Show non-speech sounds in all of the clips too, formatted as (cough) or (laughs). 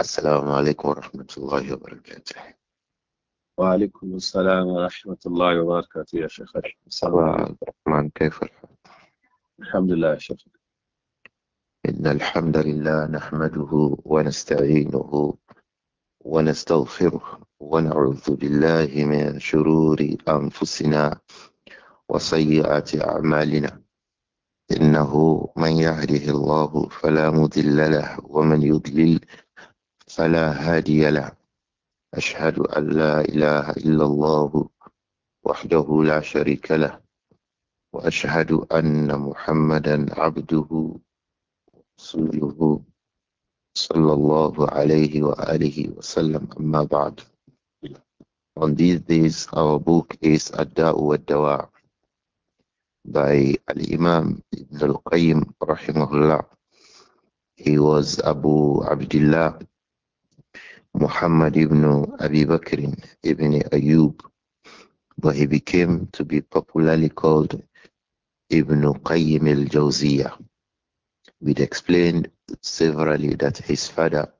السلام عليكم ورحمة الله وبركاته وعليكم السلام ورحمة الله وبركاته يا شيخ السلام عليكم كيف الحال؟ الحمد لله يا شيخ إن الحمد لله نحمده ونستعينه ونستغفره ونعوذ بالله من شرور أنفسنا وسيئات أعمالنا إنه من يهده الله فلا مضل له ومن يضلل فلا هادي له أشهد أن لا إله إلا الله وحده لا شريك له وأشهد أن محمدا عبده ورسوله صلى الله عليه وآله وسلم أما بعد On these days our book is Ad-Da'u wa-Dawa by Al-Imam Ibn Al-Qayyim rahimahullah He was Abu Abdullah Muhammad ibn Abi Bakr ibn Ayub, but he became to be popularly called Ibn Qayyim al-Jawziyah. We'd explained severally that his father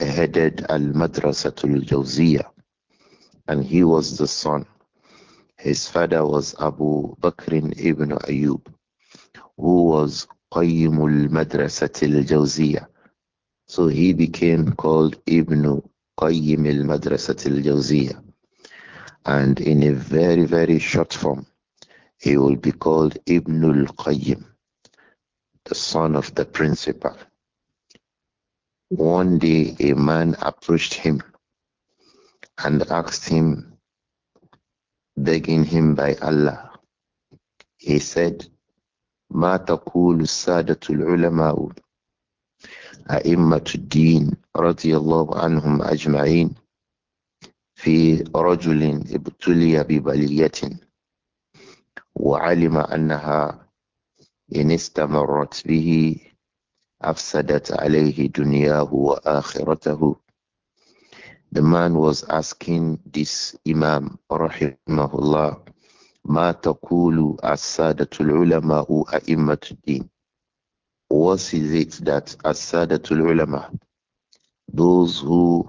headed al-Madrasatul Jawziyah, and he was the son. His father was Abu Bakr ibn Ayub, who was al Madrasatil Jawziyah. So he became called Ibn Qayyim al-Madrasat al-Jawziyah. And in a very, very short form, he will be called Ibn al-Qayyim, the son of the principal. One day a man approached him and asked him, begging him by Allah. He said, ما تقول السادة العلماء أئمة الدين رضي الله عنهم أجمعين في رجل ابتلي ببلية وعلم أنها إن استمرت به أفسدت عليه دنياه وآخرته The man was asking this Imam رحمه الله ما تقول السادة العلماء أئمة الدين What is it that Asadatul Ulama, those who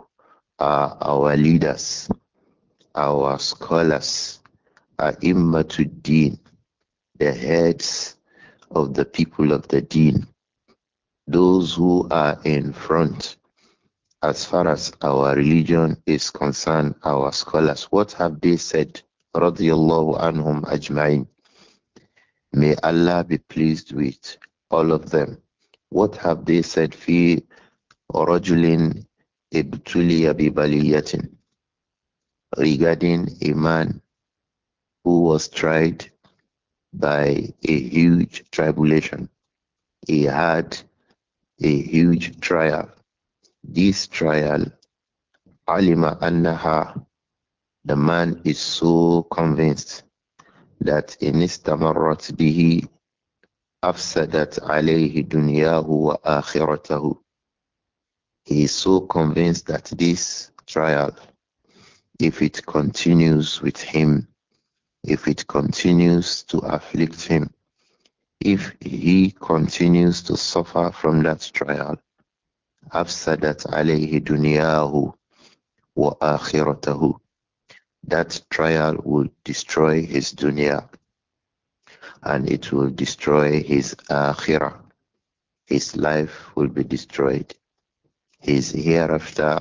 are our leaders, our scholars, are Immatul Deen, the heads of the people of the Deen, those who are in front as far as our religion is concerned, our scholars, what have they said? Radiallahu anhum ajma'in. May Allah be pleased with all of them. What have they said fi orajulin ibtuliya regarding a man who was tried by a huge tribulation. He had a huge trial. This trial, Alima Annaha, the man is so convinced that in be bihi alayhi dunyahu wa akhiratahu. He is so convinced that this trial, if it continues with him, if it continues to afflict him, if he continues to suffer from that trial, alayhi dunyahu wa akhiratahu. That trial will destroy his dunya and it will destroy his akhirah. His life will be destroyed. His hereafter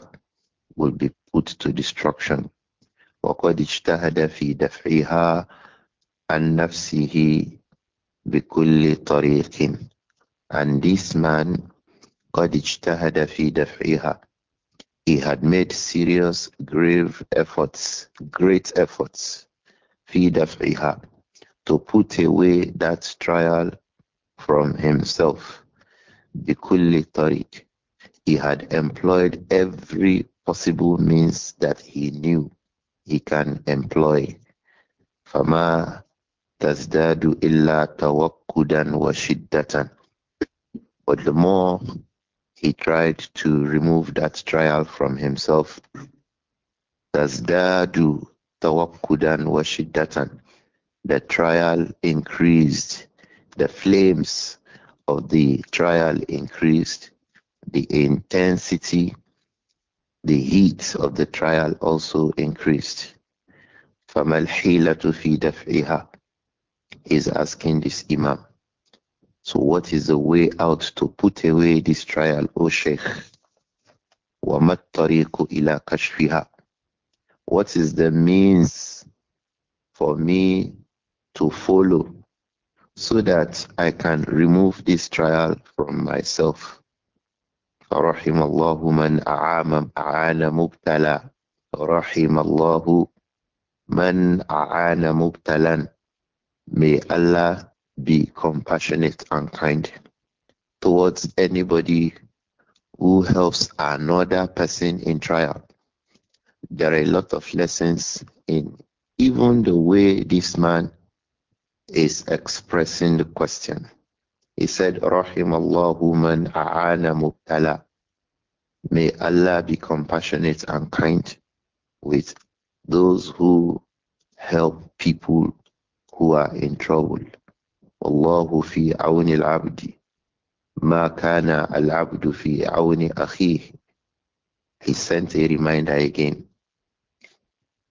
will be put to destruction. وقد اجتهد في دفعها عن نفسه بكل طريق and this man قد اجتهد في دفعها he had made serious grave efforts great efforts في دفعها to put away that trial from himself. Bikulli Tariq. He had employed every possible means that he knew he can employ. Fama tazdadu illa tawakkudan wa shiddatan. But the more he tried to remove that trial from himself, tazdadu tawakkudan wa shiddatan the trial increased, the flames of the trial increased, the intensity, the heat of the trial also increased. فما الحيلة في دفعها He's asking this Imam. So what is the way out to put away this trial, O Sheikh? What is the means for me to follow so that I can remove this trial from myself. فرحم الله من أعان أعان مبتلى رحم الله من أعان مبتلا May Allah be compassionate and kind towards anybody who helps another person in trial. There are a lot of lessons in even the way this man is expressing the question. He said, Rahimallahu man a'ana mubtala. May Allah be compassionate and kind with those who help people who are in trouble. Allahu fi awni al-abdi. Ma kana al-abdu fi awni akhihi. He sent a reminder again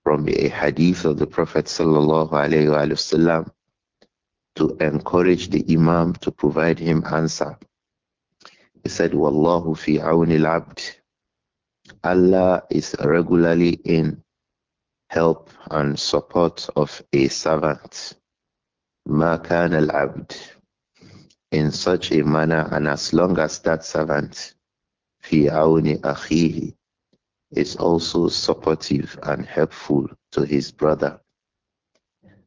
from a hadith of the Prophet sallallahu alayhi wa sallam to encourage the Imam to provide him answer. He said, Wallahu fi awni abd. Allah is regularly in help and support of a servant. Ma al-abd. In such a manner and as long as that servant fi awni akhihi is also supportive and helpful to his brother.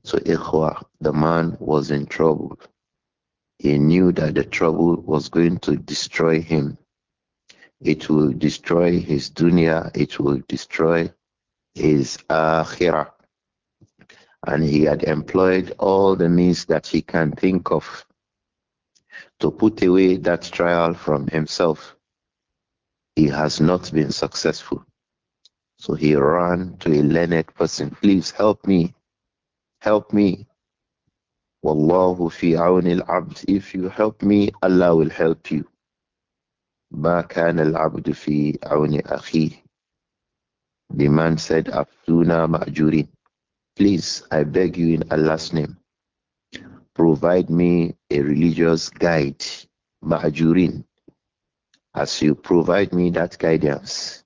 So, Ikhwa, the man was in trouble. He knew that the trouble was going to destroy him. It will destroy his dunya, it will destroy his akhirah. And he had employed all the means that he can think of to put away that trial from himself. He has not been successful. So he ran to a learned person. Please help me Help me. Wallahu fi awnil abd. If you help me, Allah will help you. ما كان العبد في عون The man said, Abduna ma'jurin. Please, I beg you in Allah's name, provide me a religious guide, ma'jurin. As you provide me that guidance,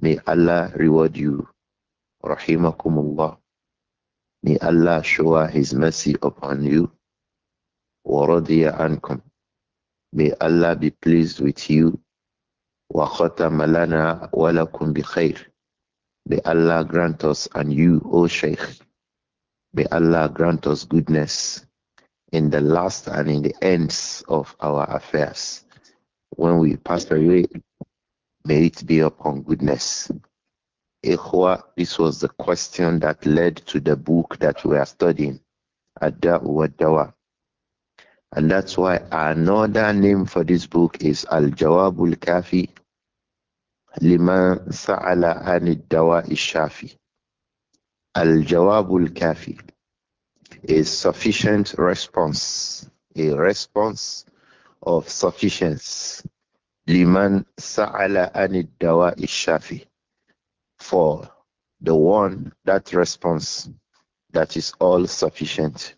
may Allah reward you. Rahimakumullah. May Allah shower His mercy upon you. وَرَضِيَ عَنْكُمْ May Allah be pleased with you. وَخَتَمَ لَنَا وَلَكُمْ بِخَيْرٍ May Allah grant us and you, O Shaykh. May Allah grant us goodness in the last and in the ends of our affairs. When we pass away, may it be upon goodness. Ikhwa, this was the question that led to the book that we are studying, Ad-Da'u And that's why another name for this book is Al-Jawabul Kafi Liman Sa'ala Anid Dawa Ishafi. Al-Jawabul Kafi is sufficient response, a response of sufficiency. Liman Sa'ala Anid Dawa Ishafi for the one that response that is all sufficient.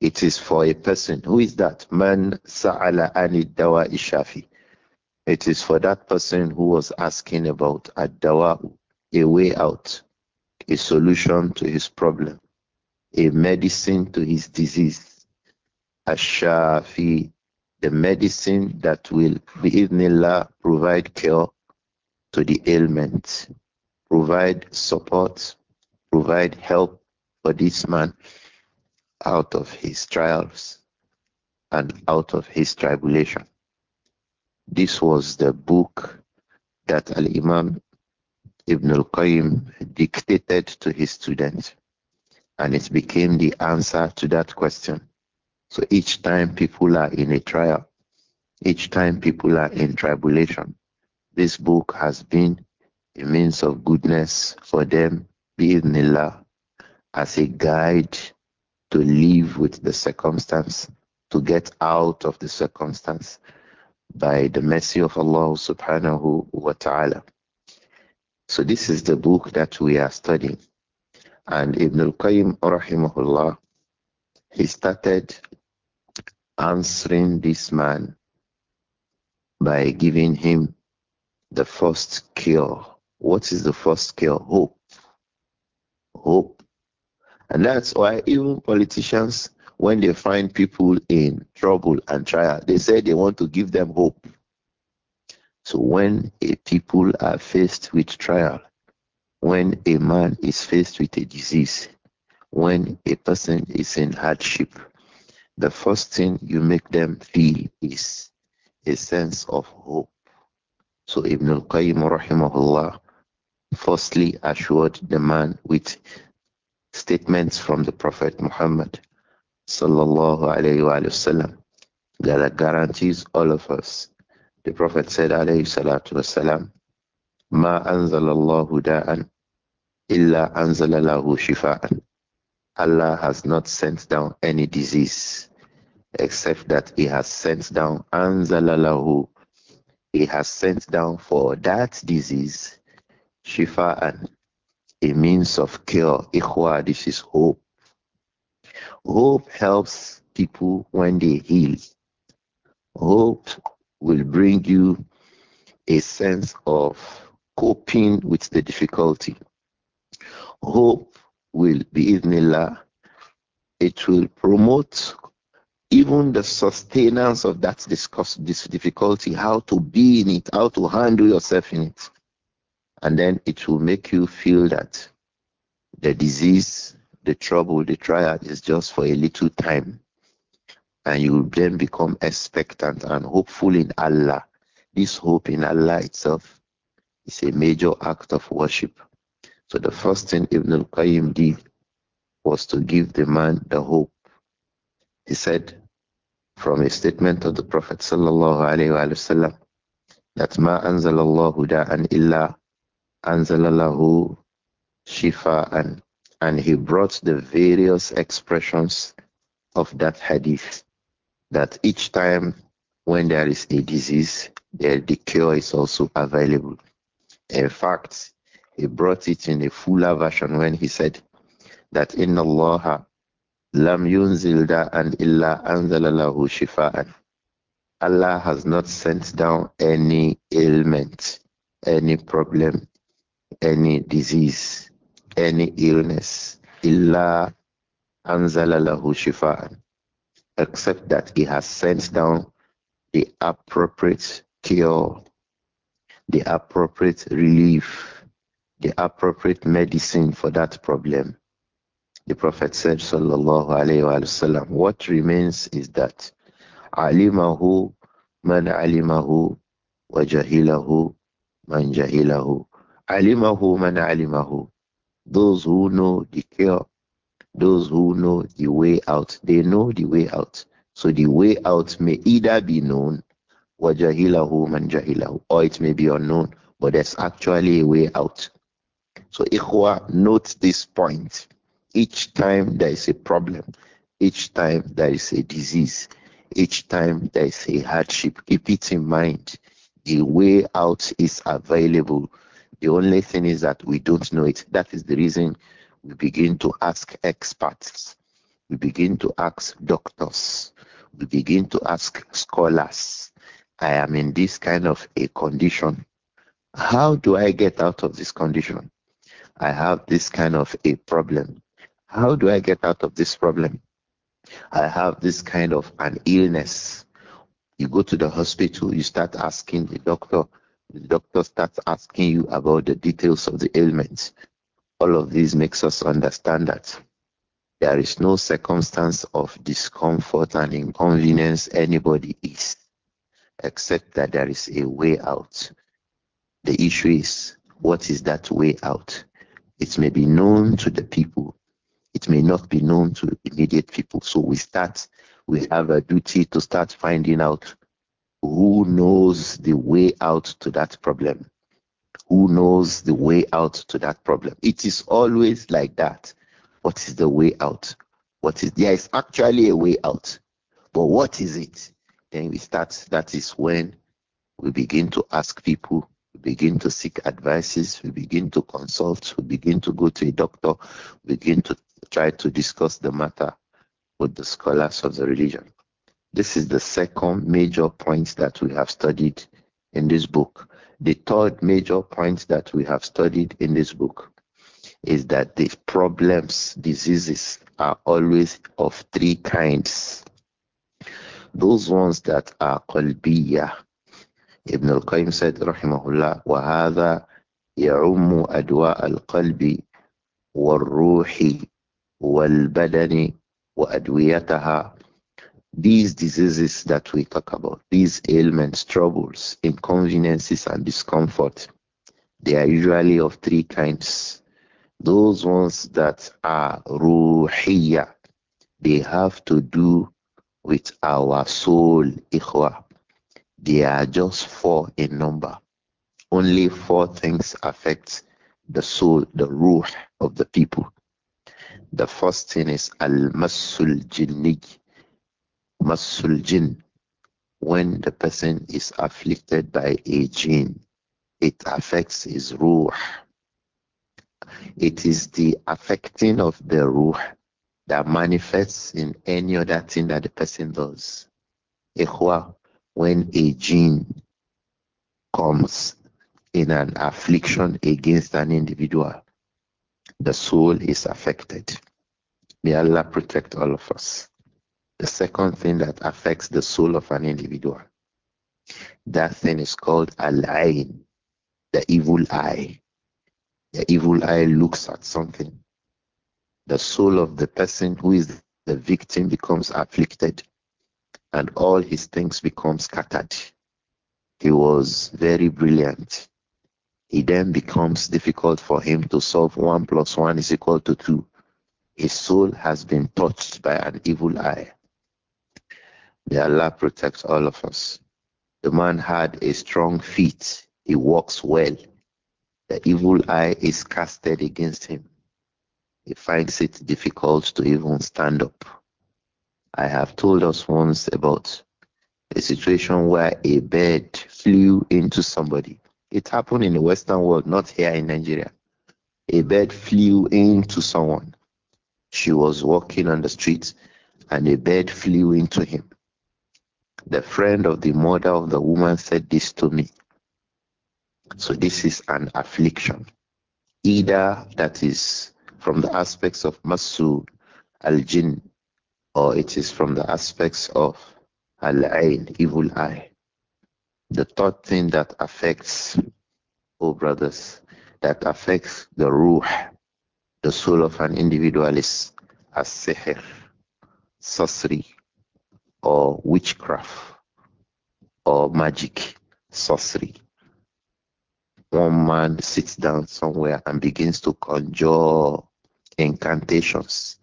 It is for a person. Who is that? Man sa'ala anid dawa ishafi. It is for that person who was asking about a dawa, a way out, a solution to his problem, a medicine to his disease. Ashafi, the medicine that will, bi'idhnillah, provide cure to the ailment provide support, provide help for this man out of his trials and out of his tribulation. This was the book that Al Imam Ibn al Qayyim dictated to his students, and it became the answer to that question. So each time people are in a trial, each time people are in tribulation, this book has been a means of goodness for them, bi'idhnillah, as a guide to live with the circumstance, to get out of the circumstance by the mercy of Allah subhanahu wa ta'ala. So this is the book that we are studying. And Ibn al-Qayyim rahimahullah, he started answering this man by giving him the first cure what is the first skill? Hope. Hope. And that's why even politicians, when they find people in trouble and trial, they say they want to give them hope. So when a people are faced with trial, when a man is faced with a disease, when a person is in hardship, the first thing you make them feel is a sense of hope. So Ibn al-Qayyim rahimahullah firstly assured the man with statements from the Prophet Muhammad sallallahu alayhi wasallam) that guarantees all of us. The Prophet said alayhi ما أنزل الله داء إلا أنزل له شفاء Allah has not sent down any disease except that He has sent down أنزل له He has sent down for that disease Shifa and a means of cure. Ikhwa, this is hope. Hope helps people when they heal. Hope will bring you a sense of coping with the difficulty. Hope will be Iznillah. It will promote even the sustenance of that discuss, this difficulty, how to be in it, how to handle yourself in it. And then it will make you feel that the disease, the trouble, the trial is just for a little time. And you will then become expectant and hopeful in Allah. This hope in Allah itself is a major act of worship. So the first thing Ibn al-Qayyim did was to give the man the hope. He said, from a statement of the Prophet sallallahu alaihi wasallam, that ma anzalallahu da'an illa anzalalahu shifa And he brought the various expressions of that hadith that each time when there is a disease, the cure is also available. In fact, he brought it in a fuller version when he said that in Allah lam yunzil and illa anzalalahu shifa'an. Allah has not sent down any ailment, any problem any disease, any illness, illa anzalalahu shifa'an, except that he has sent down the appropriate cure, the appropriate relief, the appropriate medicine for that problem. The Prophet said, Sallallahu Alaihi Wasallam, what remains is that alimahu man alimahu wa jahilahu man jahilahu. Alimahu man alimahu. Those who know the cure, those who know the way out, they know the way out. So the way out may either be known, wajahilahu man jahilahu, or it may be unknown, but there's actually a way out. So Ikhwa, note this point. Each time there is a problem, each time there is a disease, each time there is a hardship, keep it in mind. The way out is available the only thing is that we don't know it. That is the reason we begin to ask experts, we begin to ask doctors, we begin to ask scholars. I am in this kind of a condition. How do I get out of this condition? I have this kind of a problem. How do I get out of this problem? I have this kind of an illness. You go to the hospital, you start asking the doctor, the doctor starts asking you about the details of the ailments. All of these makes us understand that there is no circumstance of discomfort and inconvenience anybody is, except that there is a way out. The issue is, what is that way out? It may be known to the people, it may not be known to immediate people. So we start, we have a duty to start finding out who knows the way out to that problem. Who knows the way out to that problem? It is always like that. What is the way out? What is there is actually a way out, but what is it? Then we start. That is when we begin to ask people, we begin to seek advices, we begin to consult, we begin to go to a doctor, we begin to try to discuss the matter with the scholars of the religion. This is the second major point that we have studied in this book. The third major point that we have studied in this book is that the problems, diseases are always of three kinds. Those ones that are qalbiyah. Ibn al-Qayyim said, rahimahullah, وَهَذَا يَعُمُّ أَدْوَاءَ الْقَلْبِ وَالْرُوحِ وَالْبَدَنِ وَأَدْوِيَتَهَا these diseases that we talk about, these ailments, troubles, inconveniences, and discomfort, they are usually of three kinds. Those ones that are ruhia they have to do with our soul, ikhwa. They are just four in number. Only four things affect the soul, the ruh of the people. The first thing is al-masul masul Jin. when the person is afflicted by a jinn, it affects his ruh. It is the affecting of the ruh that manifests in any other thing that the person does. Ikhwa, when a jinn comes in an affliction against an individual, the soul is affected. May Allah protect all of us the second thing that affects the soul of an individual. That thing is called a lying, the evil eye. The evil eye looks at something. The soul of the person who is the victim becomes afflicted and all his things become scattered. He was very brilliant. It then becomes difficult for him to solve 1 plus 1 is equal to 2. His soul has been touched by an evil eye. May Allah protect all of us. The man had a strong feet. He walks well. The evil eye is casted against him. He finds it difficult to even stand up. I have told us once about a situation where a bird flew into somebody. It happened in the Western world, not here in Nigeria. A bird flew into someone. She was walking on the street and a bird flew into him. The friend of the mother of the woman said this to me. So this is an affliction. Either that is from the aspects of Masu al Jin, or it is from the aspects of Al Ain, evil eye. The third thing that affects, oh brothers, that affects the ruh, the soul of an individual is as sihr, sorcery, or witchcraft or magic, sorcery. One man sits down somewhere and begins to conjure incantations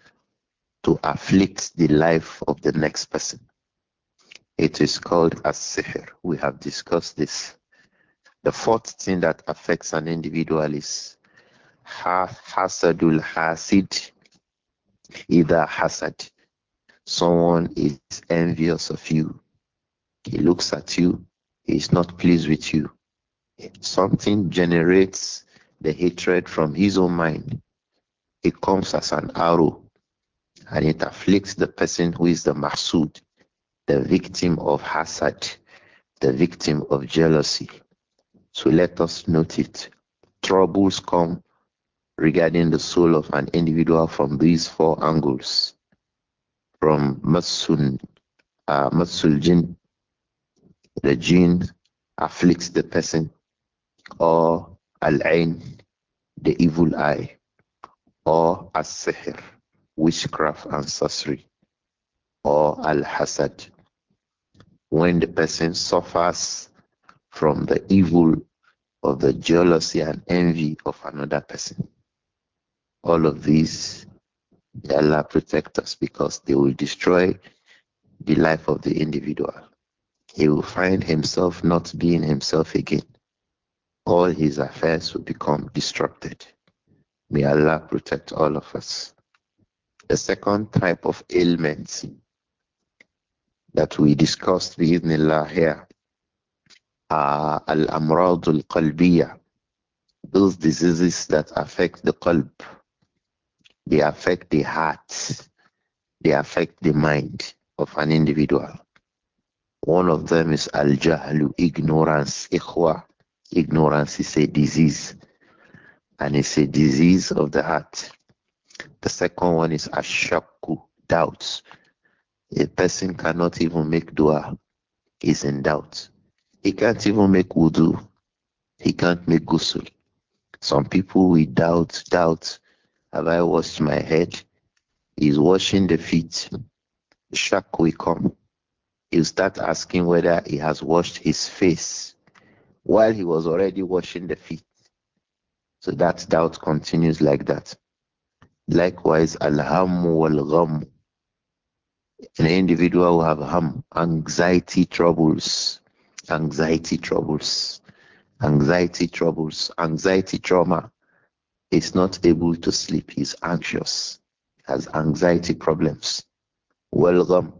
to afflict the life of the next person. It is called a seher. We have discussed this. The fourth thing that affects an individual is hasadul hasid, either hasad. Someone is envious of you. He looks at you. He is not pleased with you. Something generates the hatred from his own mind. It comes as an arrow and it afflicts the person who is the masood, the victim of hatred, the victim of jealousy. So let us note it. Troubles come regarding the soul of an individual from these four angles from Masun, uh, The jinn afflicts the person, or Al Ain, the evil eye, or As sihir witchcraft and sorcery, or Al Hasad, when the person suffers from the evil of the jealousy and envy of another person. All of these May Allah protect us because they will destroy the life of the individual. He will find himself not being himself again. All his affairs will become disrupted. May Allah protect all of us. The second type of ailments that we discussed bi'idhnillah here are al-amradul qalbiyah, those diseases that affect the qalb, they affect the heart. They affect the mind of an individual. One of them is al jahlu, ignorance. Ikhwa, ignorance is a disease, and it's a disease of the heart. The second one is ashaku, doubts. A person cannot even make dua, he's in doubt. He can't even make wudu, he can't make ghusl. Some people we doubt, doubt, have I washed my head? He's washing the feet. The shark will come. He'll start asking whether he has washed his face while he was already washing the feet. So that doubt continues like that. Likewise, alhamu wal gham. An individual will have ham, anxiety troubles, anxiety troubles, anxiety troubles, anxiety trauma, is not able to sleep. He's anxious, has anxiety problems. Welcome. Um,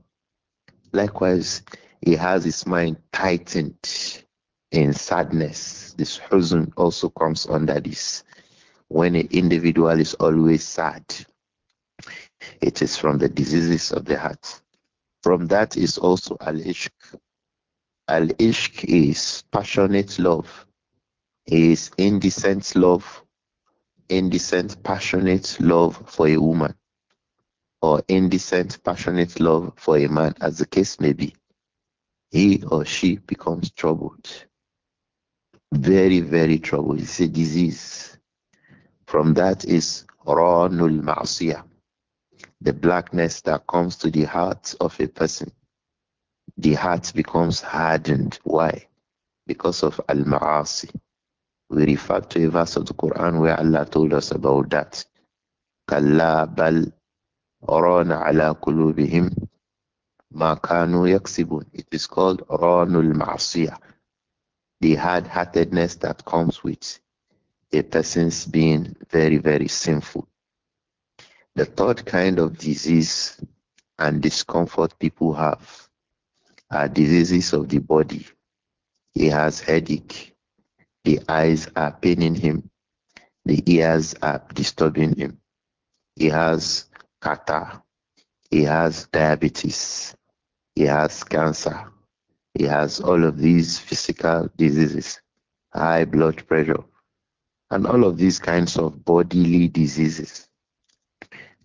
likewise, he has his mind tightened in sadness. This huzn also comes under this. When an individual is always sad, it is from the diseases of the heart. From that is also al ishq. Al ishq is passionate love, is indecent love indecent, passionate love for a woman or indecent, passionate love for a man, as the case may be, he or she becomes troubled. Very, very troubled. It's a disease. From that is ranul ma'siyah, the blackness that comes to the heart of a person. The heart becomes hardened. Why? Because of al-ma'asi we refer to a verse of the Quran where Allah told us about that. Kalla bal rana ala kulubihim ma kanu yaksibun. It is called ranul ma'asiyah. The hard-heartedness that comes with a person's being very, very sinful. The third kind of disease and discomfort people have are diseases of the body. He has headache, the eyes are paining him. The ears are disturbing him. He has catarrh. He has diabetes. He has cancer. He has all of these physical diseases, high blood pressure, and all of these kinds of bodily diseases.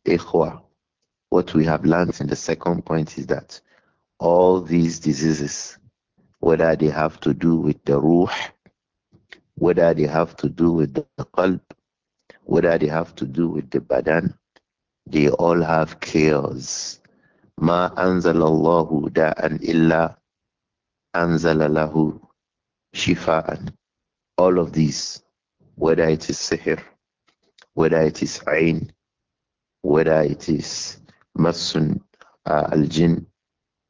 Ehua, what we have learned in the second point is that all these diseases, whether they have to do with the ruh, whether they have to do with the qalb, whether they have to do with the badan, they all have chaos. الله داء إلا illa anzalalahu شفاء. All of these, whether it is سحر, whether it is عين, whether it is masun uh, al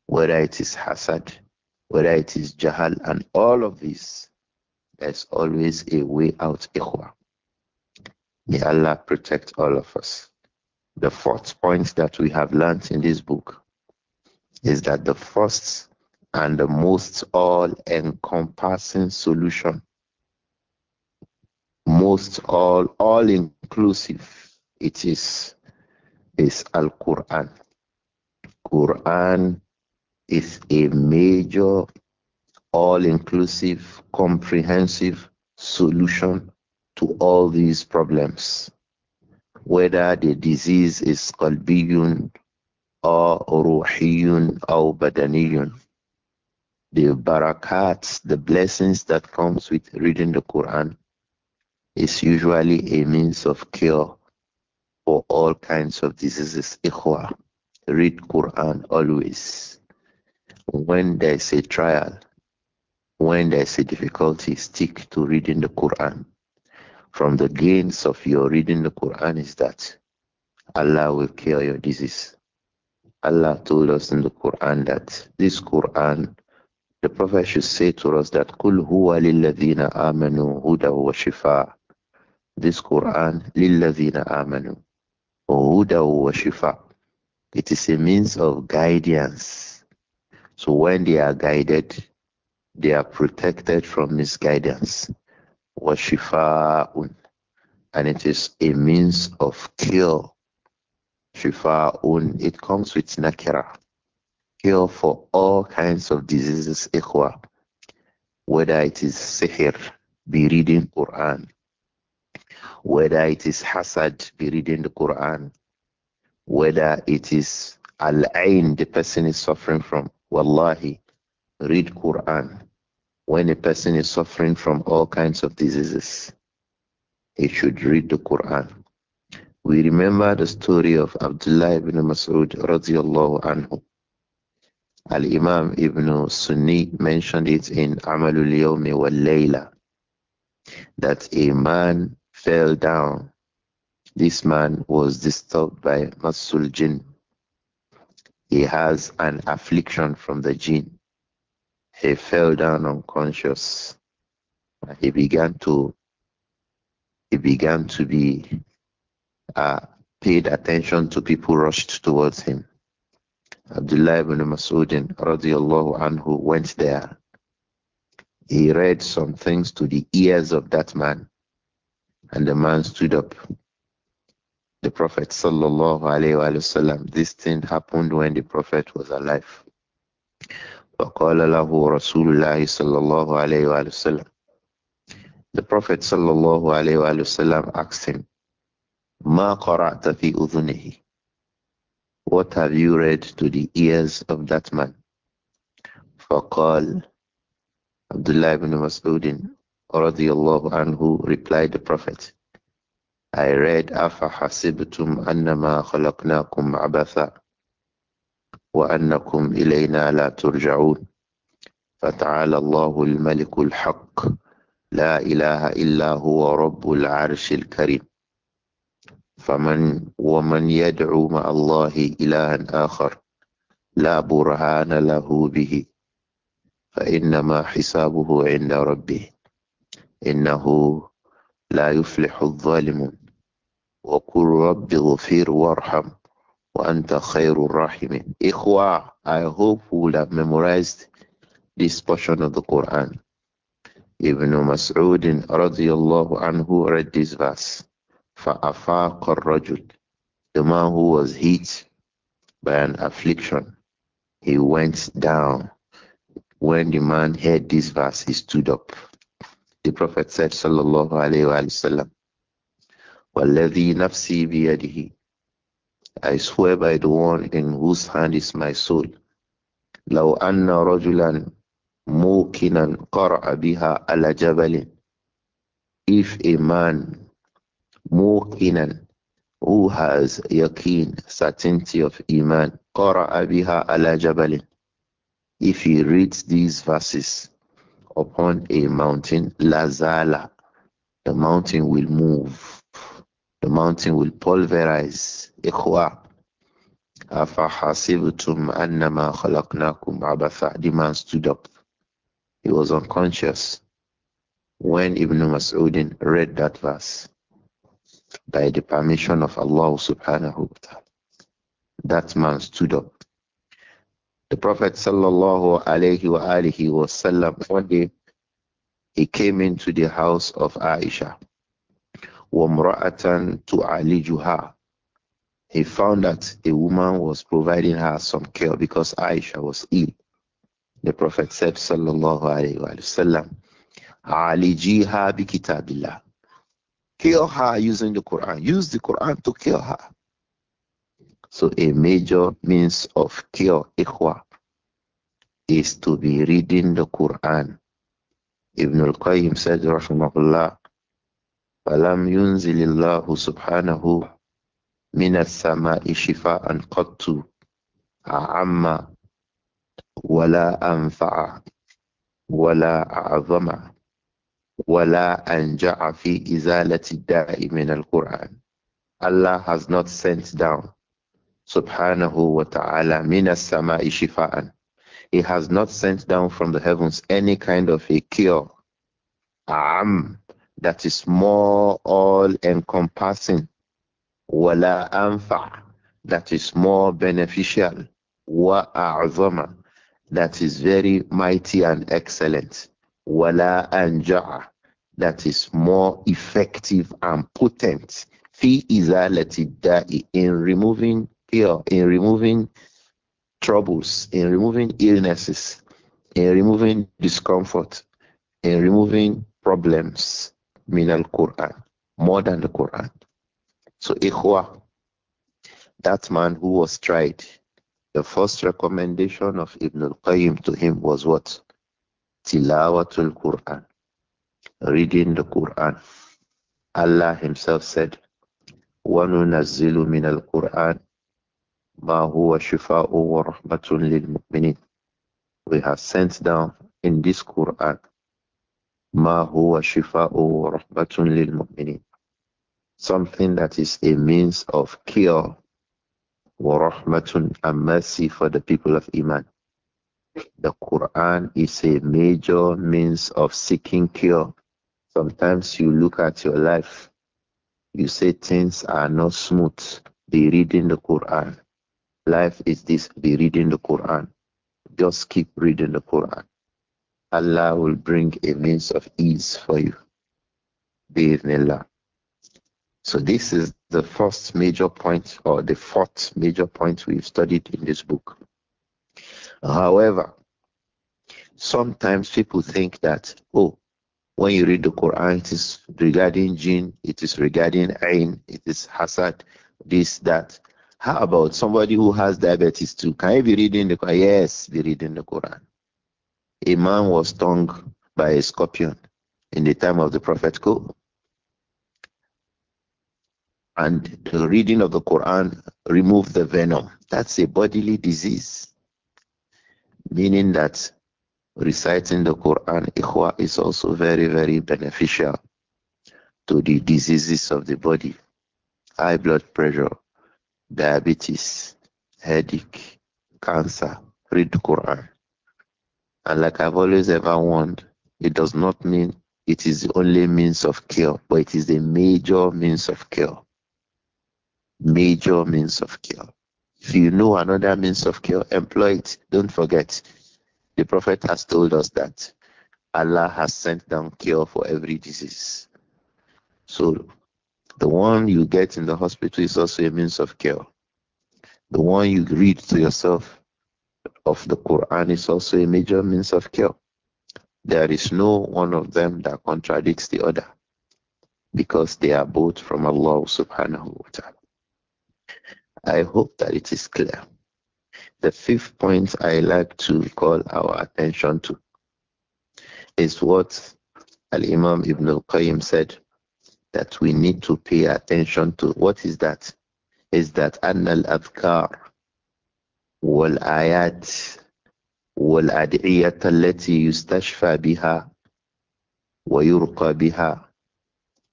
whether it is hasad, whether it is جهل, and all of these there's always a way out, Ikhwa. May Allah protect all of us. The fourth point that we have learned in this book is that the first and the most all encompassing solution, most all, all inclusive, it is, is Al Quran. Quran is a major all inclusive, comprehensive solution to all these problems, whether the disease is qalbiyun or ruhiyun or badaniyun. The barakats, the blessings that comes with reading the Quran is usually a means of cure for all kinds of diseases. Ikhwa, read Quran always. When there is a trial, when there's a difficulty, stick to reading the Quran. From the gains of your reading the Quran is that Allah will cure your disease. Allah told us in the Quran that this Quran, the Prophet should say to us that Kul huwa lilladhina amanu huda wa shifa. This Quran, lilladhina amanu huda wa shifa. It is a means of guidance. So when they are guided, they are protected from misguidance. Washifa'un. And it is a means of cure. Shifa'un. It comes with nakira. Cure for all kinds of diseases, ikhwa. Whether it is seher be reading Quran. Whether it is hasad, be reading the Quran. Whether it is al-ain, the person is suffering from. Wallahi, read Quran. When a person is suffering from all kinds of diseases, he should read the Quran. We remember the story of Abdullah ibn Mas'ud radiallahu anhu. Al-Imam ibn Sunni mentioned it in Amalul Yawmi wal Layla that a man fell down. This man was disturbed by Masul Jinn. He has an affliction from the jinn he fell down unconscious. He began to he began to be uh, paid attention to people rushed towards him. Abdullah ibn Masudin radiallahu anhu went there. He read some things to the ears of that man, and the man stood up. The Prophet sallallahu alaihi wasallam. This thing happened when the Prophet was alive. له رسول الله صلى الله عليه وآله وسلم The Prophet صلى الله عليه وآله وسلم asked him ما قرأت في أذنه What have you read to the ears of that man? فقال Abdullah ibn Mas'ud radiallahu anhu replied the Prophet I read أفحسبتم أنما خلقناكم عبثا وأنكم إلينا لا ترجعون فتعالى الله الملك الحق لا إله إلا هو رب العرش الكريم فمن ومن يدعو مع الله إلها آخر لا برهان له به فإنما حسابه عند ربه إنه لا يفلح الظالمون وقل رب اغفر وارحم وأنت خير الراحمين إخوة I hope you will have memorized this portion of the Quran Ibn Mas'ud الله عنه, read this verse فأفاق الرجل the man who was hit by an affliction he went down when the man heard this verse he stood up the prophet said صلى alayhi wa وسلم: والذي نفسي بيده I swear by the one in whose hand is my soul. لو أن رجلا موقنا قرأ بها على جبل if a man موقنا who has yaqeen certainty of iman قرأ بها على جبل if he reads these verses upon a mountain lazala the mountain will move the mountain will pulverize Ikhwa. أَفَحَسِبْتُمْ أَنَّمَا خَلَقْنَاكُمْ عَبَثًا The man stood up. He was unconscious when Ibn Mas'udin read that verse. By the permission of Allah subhanahu wa ta'ala, that man stood up. The Prophet sallallahu alayhi wa alihi wasallam, one day, he came into the house of Aisha. وَمْرَأَةً تُعَالِجُهَا he found that a woman was providing her some care because Aisha was ill. The Prophet said, Sallallahu Alaihi Wasallam, Alijiha bi kitabillah. Kill her using the Quran. Use the Quran to kill her. So a major means of cure, ikhwa, is to be reading the Quran. Ibn al-Qayyim said, Rahimahullah, فَلَمْ يُنزِلِ اللَّهُ سُبْحَانَهُ من السماء شفاء قط أعم ولا أنفع ولا أعظم ولا أنجع في إزالة الداء من القرآن Allah has not sent down سبحانه وتعالى من السماء sama'i He has not sent down from the heavens any kind of a cure am that is more all encompassing wala anfa that is more beneficial wa a'zama that is very mighty and excellent wala anja'a that is more effective and potent fi izalati da'i in removing ill in removing troubles in removing illnesses in removing discomfort in removing problems min al-quran more than the quran so Ikhwa, that man who was tried, the first recommendation of Ibn al-Qayyim to him was what? Tilawatul Quran, reading the Quran. Allah himself said, وَنُنَزِّلُ مِنَ الْقُرْآنِ مَا هُوَ شِفَاءٌ وَرَحْمَةٌ لِلْمُؤْمِنِينَ We have sent down in this Quran مَا هُوَ شِفَاءٌ وَرَحْمَةٌ لِلْمُؤْمِنِينَ something that is a means of cure wa rahmatun and mercy for the people of Iman. The Quran is a major means of seeking cure. Sometimes you look at your life, you say things are not smooth. Be reading the Quran. Life is this, be reading the Quran. Just keep reading the Quran. Allah will bring a means of ease for you. Bismillah. So this is the first major point or the fourth major point we've studied in this book. However, sometimes people think that, oh, when you read the Quran, it is regarding jinn, it is regarding ain, it is hazard, this, that. How about somebody who has diabetes too? Can you be reading the Quran? Yes, be reading the Quran. A man was stung by a scorpion in the time of the Prophet and the reading of the Quran remove the venom. That's a bodily disease, meaning that reciting the Quran ikhwa, is also very, very beneficial to the diseases of the body high blood pressure, diabetes, headache, cancer. Read the Quran. And like I've always ever warned, it does not mean it is the only means of cure, but it is the major means of cure major means of cure. If you know another means of cure, employ it. Don't forget, the Prophet has told us that Allah has sent down cure for every disease. So the one you get in the hospital is also a means of cure. The one you read to yourself of the Quran is also a major means of cure. There is no one of them that contradicts the other because they are both from Allah subhanahu wa ta'ala. I hope that it is clear. The fifth point I like to call our attention to is what Al Imam Ibn Al Qayyim said that we need to pay attention to. What is that? Is that an al adkar wal ayat wal adiyat yustashfa biha, wa yurqa biha,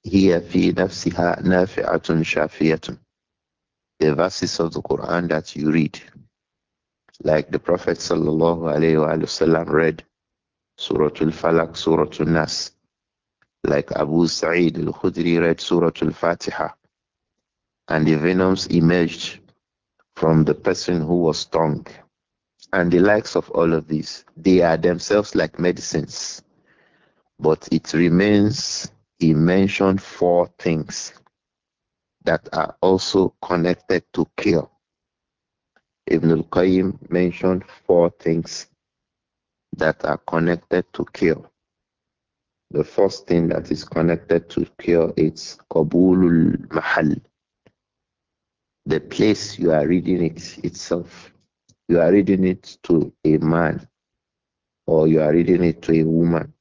هي في نفسها نافعة شافية the verses of the Quran that you read. Like the Prophet wasallam read Surah Al-Falaq, Surah Al-Nas. Like Abu Sa'id Al-Khudri read Surah Al-Fatiha. And the venoms emerged from the person who was stung. And the likes of all of these, they are themselves like medicines. But it remains, he mentioned four things that are also connected to cure. Ibn al-Qayyim mentioned four things that are connected to cure. The first thing that is connected to cure is Kabulul Mahal. The place you are reading it itself. You are reading it to a man or you are reading it to a woman.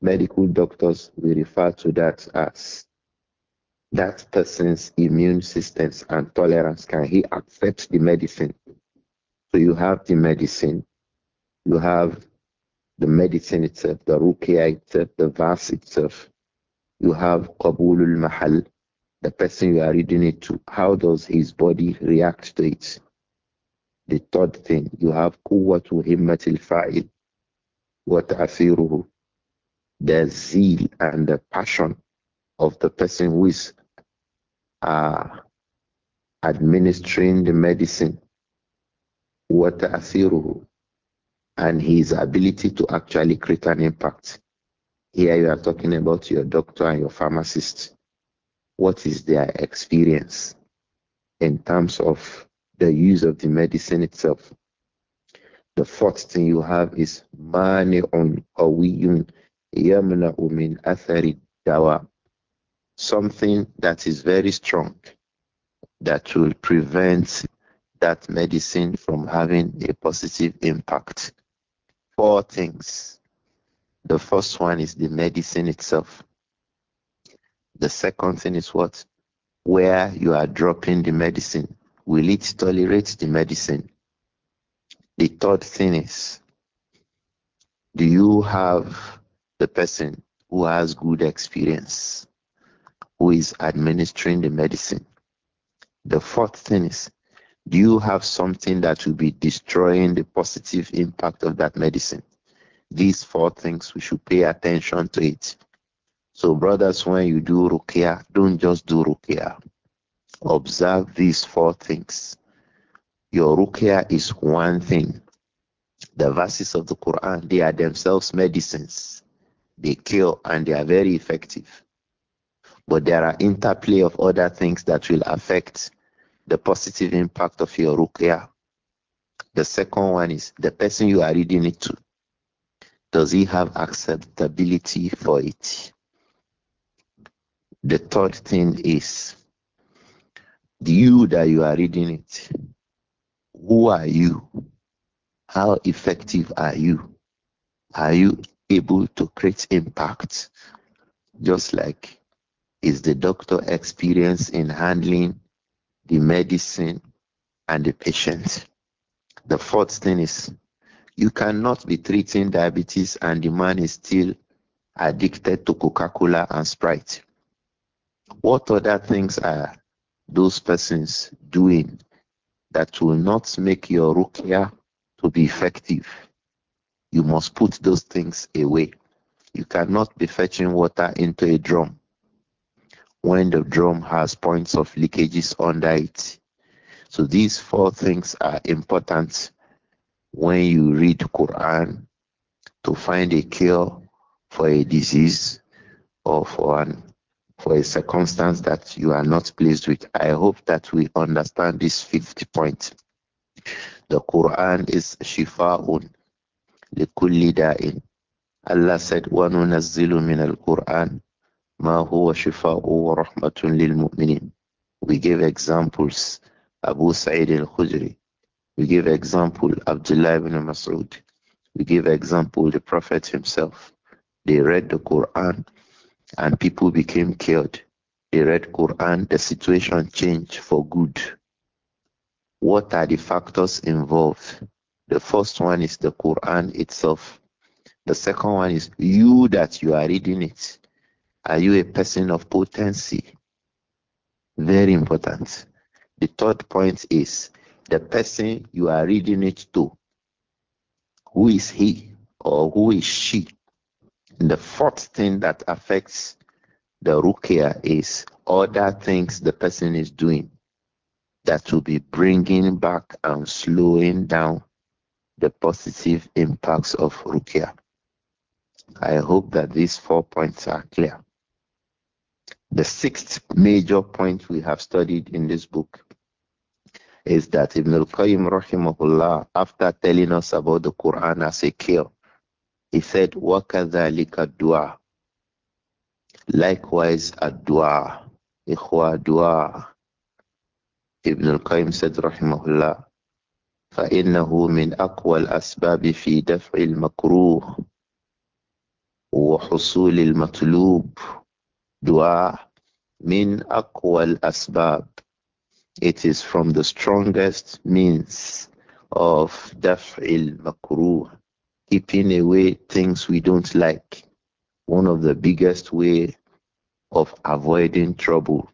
Medical doctors will refer to that as that person's immune systems and tolerance can he accept the medicine so you have the medicine you have the medicine itself the ruqya itself the verse itself you have qabulul mahal the person you are reading it to how does his body react to it the third thing you have quwwatu himmatil fa'il what ta'thiruhu the zeal and the passion of the person who is uh, administering the medicine, وتأثيره, and his ability to actually create an impact. Here you are talking about your doctor and your pharmacist. What is their experience in terms of the use of the medicine itself? The fourth thing you have is money on mani'un qawiyun yamna'u min athari dawa something that is very strong that will prevent that medicine from having a positive impact. Four things. The first one is the medicine itself. The second thing is what? Where you are dropping the medicine. Will it tolerate the medicine? The third thing is do you have the person who has good experience? who is administering the medicine. The fourth thing is, do you have something that will be destroying the positive impact of that medicine? These four things, we should pay attention to it. So, brothers, when you do rukia, don't just do rukia. Observe these four things. Your rukia is one thing. The verses of the Quran, they are themselves medicines. They cure and they are very effective. But there are interplay of other things that will affect the positive impact of your ruqya. The second one is the person you are reading it to. Does he have acceptability for it? The third thing is the you that you are reading it. Who are you? How effective are you? Are you able to create impact? Just like is the doctor experience in handling the medicine and the patient. The fourth thing is you cannot be treating diabetes and the man is still addicted to Coca Cola and Sprite. What other things are those persons doing that will not make your rukia to be effective? You must put those things away. You cannot be fetching water into a drum when the drum has points of leakages under it. So these four things are important when you read Quran to find a cure for a disease or for an for a circumstance that you are not pleased with. I hope that we understand this fifth point. The Quran is shifa'un likulli da'in. Allah said, وَنُنَزِّلُ مِنَ الْقُرْآنِ we give examples. Abu Sa'id al-Khudri. We give example Abdullah ibn Mas'ud. We give example the Prophet himself. They read the Quran and people became cured. They read Quran, the situation changed for good. What are the factors involved? The first one is the Quran itself. The second one is you that you are reading it. Are you a person of potency? Very important. The third point is the person you are reading it to. Who is he or who is she? And the fourth thing that affects the rukia is other things the person is doing that will be bringing back and slowing down the positive impacts of rukia. I hope that these four points are clear. The sixth major point we have studied in this book is that Ibn al-Qayyim rahimahullah, after telling us about the Quran as a cure, he said, وَكَذَلِكَ dua." Likewise, a dua ikhwa dua. Ibn al-Qayyim said, rahimahullah, فإنه من أقوى الأسباب في دفع المكروه وحصول المطلوب Dua min akwal asbab. It is from the strongest means of daf'il makruh, keeping away things we don't like. One of the biggest way of avoiding trouble.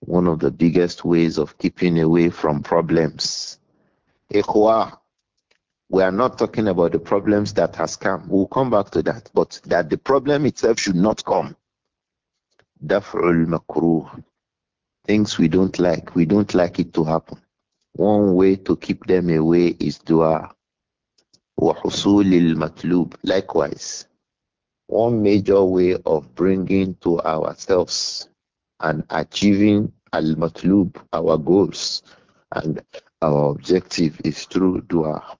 One of the biggest ways of keeping away from problems. Ikhwah, we are not talking about the problems that has come. We'll come back to that, but that the problem itself should not come. Daf'ul makruh. Things we don't like, we don't like it to happen. One way to keep them away is dua. وَحُصُولِ matlub. Likewise, one major way of bringing to ourselves and achieving al-matlub, our goals and our objective is through dua.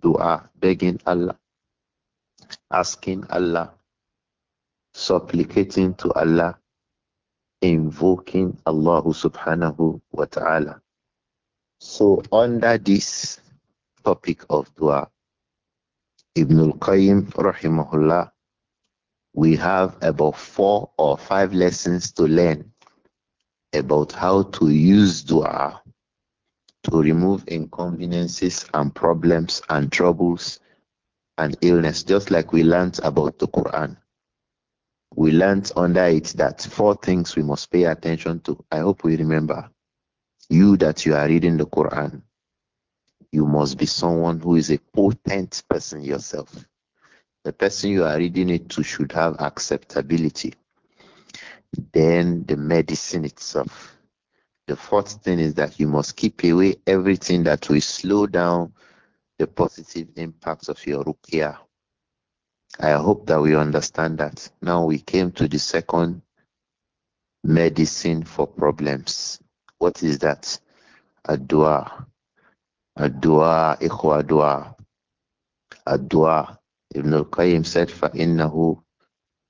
Dua, begging Allah, asking Allah supplicating to Allah, invoking Allah subhanahu wa ta'ala. So, under this topic of dua, Ibn al Qayyim rahimahullah, we have about four or five lessons to learn about how to use dua to remove inconveniences and problems and troubles and illness, just like we learned about the Quran we learnt under it that four things we must pay attention to. I hope we remember. You that you are reading the Quran, you must be someone who is a potent person yourself. The person you are reading it to should have acceptability. Then the medicine itself. The fourth thing is that you must keep away everything that will slow down the positive impacts of your ruqyah I hope that we understand that. Now we came to the second medicine for problems. What is that? Adua. Adua, ikhwa adua. Adua. Ibn al-Qayyim said, فَإِنَّهُ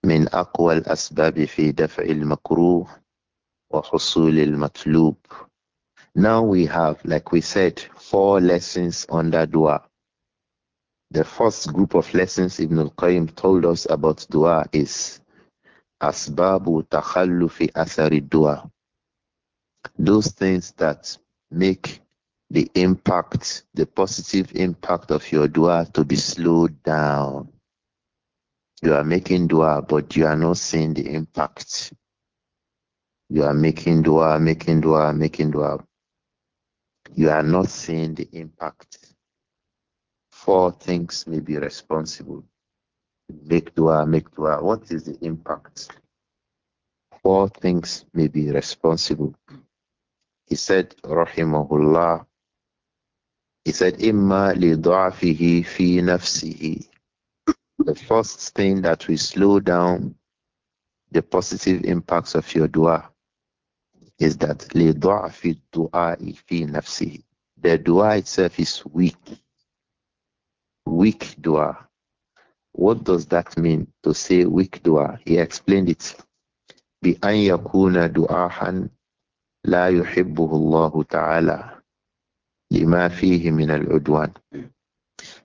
مِنْ أَقْوَى الْأَسْبَابِ فِي دَفْعِ الْمَكْرُوهِ وَحُصُولِ الْمَطْلُوبِ Now we have, like we said, four lessons under dua. The first group of lessons Ibn al-Qayyim told us about dua is asbabu takhallufi athari dua. Those things that make the impact, the positive impact of your dua to be slowed down. You are making dua, but you are not seeing the impact. You are making dua, making dua, making dua. You are not seeing the impact four things may be responsible. Make dua, make dua. What is the impact? Four things may be responsible. He said, Rahimahullah. He said, Imma li du'afihi fi nafsihi. The first thing that will slow down the positive impacts of your dua is that li du'afi dua fi nafsihi. The dua itself is weak Weak dua. What does that mean to say weak dua? He explained it. بأن يكون دعاء لا يحبه الله تعالى لما فيه من العدوان.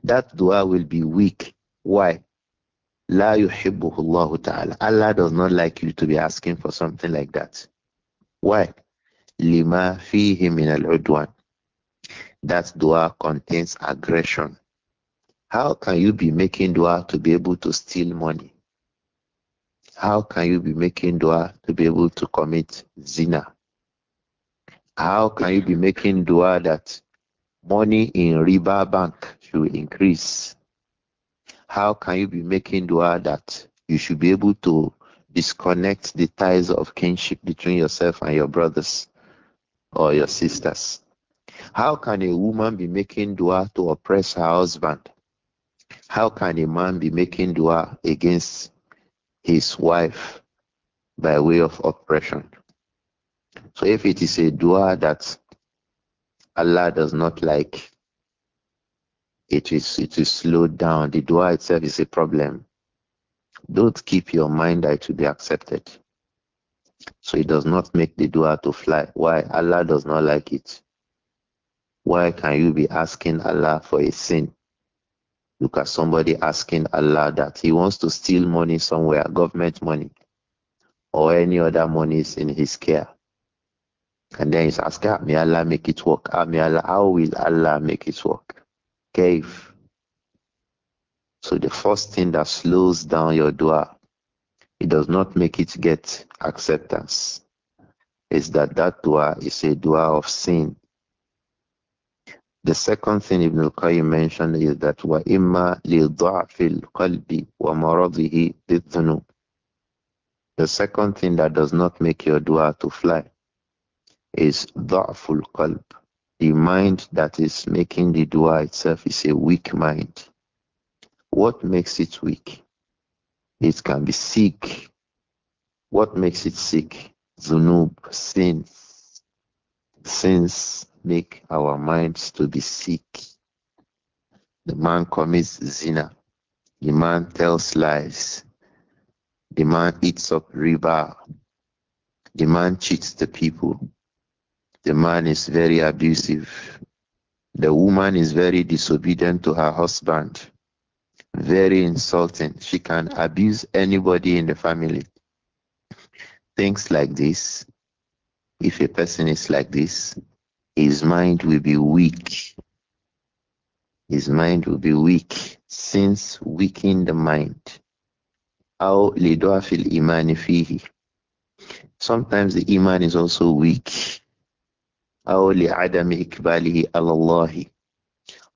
That dua will be weak. Why? لا يحبه الله تعالى. Allah does not like you to be asking for something like that. Why? لما فيه من العدوان. That dua contains aggression. How can you be making dua to be able to steal money? How can you be making dua to be able to commit zina? How can you be making dua that money in riba bank should increase? How can you be making dua that you should be able to disconnect the ties of kinship between yourself and your brothers or your sisters? How can a woman be making dua to oppress her husband? How can a man be making dua against his wife by way of oppression? So if it is a dua that Allah does not like, it is it is slowed down. The dua itself is a problem. Don't keep your mind that it will be accepted. So it does not make the dua to fly. Why? Allah does not like it. Why can you be asking Allah for a sin? Look at somebody asking Allah that he wants to steal money somewhere, government money, or any other monies in his care. And then he's asking, ah, may Allah make it work? Ah, how will Allah make it work? Cave. So the first thing that slows down your dua, it does not make it get acceptance, is that that dua is a dua of sin. The second thing Ibn al-Qayyim mentioned is that وَإِمَّا لِضَعْفِ الْقَلْبِ وَمَرَضِهِ لِلذُّنُوبِ The second thing that does not make your dua to fly is ضَعْفُ الْقَلْبِ The mind that is making the dua itself is a weak mind. What makes it weak? It can be sick. What makes it sick? Zunub, sins. Sins make our minds to be sick. The man commits zina. The man tells lies. The man eats up riba. The man cheats the people. The man is very abusive. The woman is very disobedient to her husband. Very insulting. She can abuse anybody in the family. Things like this. If a person is like this, his mind will be weak. His mind will be weak since weaken the mind. Sometimes the iman is also weak. أو لعدم إقباله على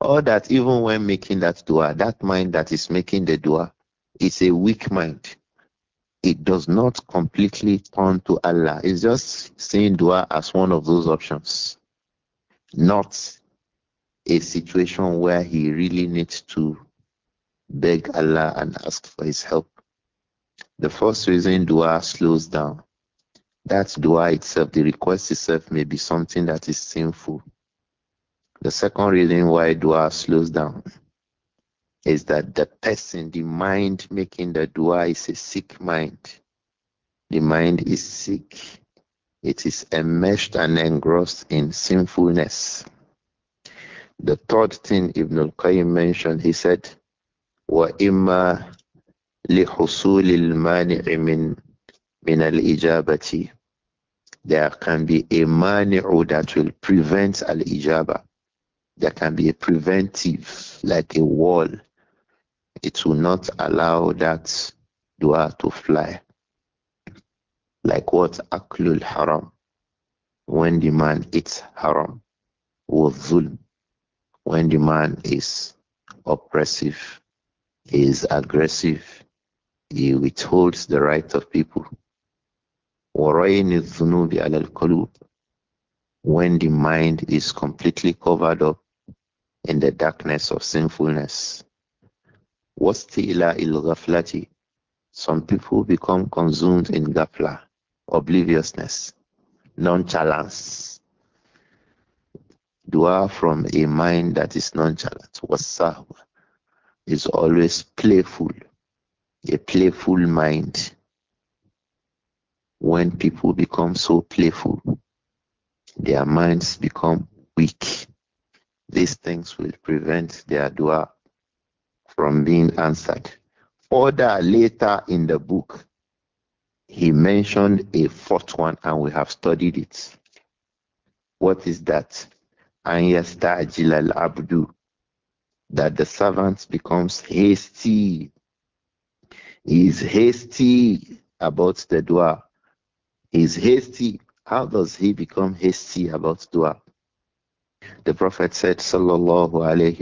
Or that even when making that dua, that mind that is making the dua, it's a weak mind. It does not completely turn to Allah. It's just saying dua as one of those options not a situation where he really needs to beg Allah and ask for his help. The first reason dua slows down. That dua itself, the request itself, may be something that is sinful. The second reason why dua slows down is that the person, the mind making the dua is a sick mind. The mind is sick it is enmeshed and engrossed in sinfulness. The third thing Ibn al-Qayyim mentioned, he said, وَإِمَّا لِحُصُولِ الْمَانِعِ مِنْ, مِنَ الْإِجَابَةِ There can be a mani'u that will prevent al-ijaba. There can be a preventive, like a wall. It will not allow that dua to fly. Like what? Aklul haram. When the man eats haram. zulm When the man is oppressive, is aggressive, he withholds the right of people. When the mind is completely covered up in the darkness of sinfulness. Wastila il ghaflati. Some people become consumed in gafla obliviousness, nonchalance. Dua from a mind that is nonchalant, wasah, is always playful, a playful mind. When people become so playful, their minds become weak. These things will prevent their dua from being answered. Further later in the book, he mentioned a fourth one and we have studied it. What is that? And yastajil al abdu, that the servant becomes hasty. He is hasty about the dua. He is hasty. How does he become hasty about dua? The Prophet said, Sallallahu Alaihi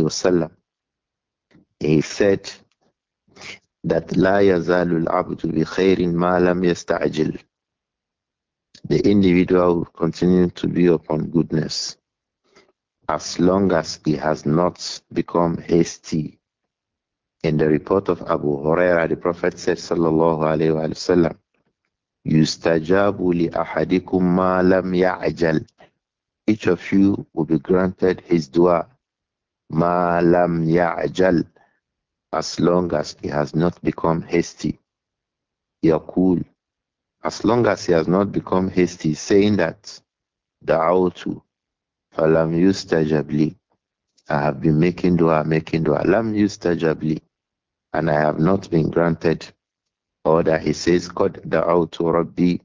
Wasallam, wa he said, that la yazalu al-abdu bi khairin ma lam yasta'jil. The individual will continue to be upon goodness as long as he has not become hasty. In the report of Abu Huraira, the Prophet said, Sallallahu Alaihi Wasallam, Yustajabu li ahadikum ma lam ya'jal. Each of you will be granted his dua, ma lam ya'jal as long as he has not become hasty. cool. as long as he has not become hasty, saying that Da'awtu falam yustajabli. I have been making dua, making dua, lam yustajabli, and I have not been granted. Or that he says, Qad da'awtu rabbi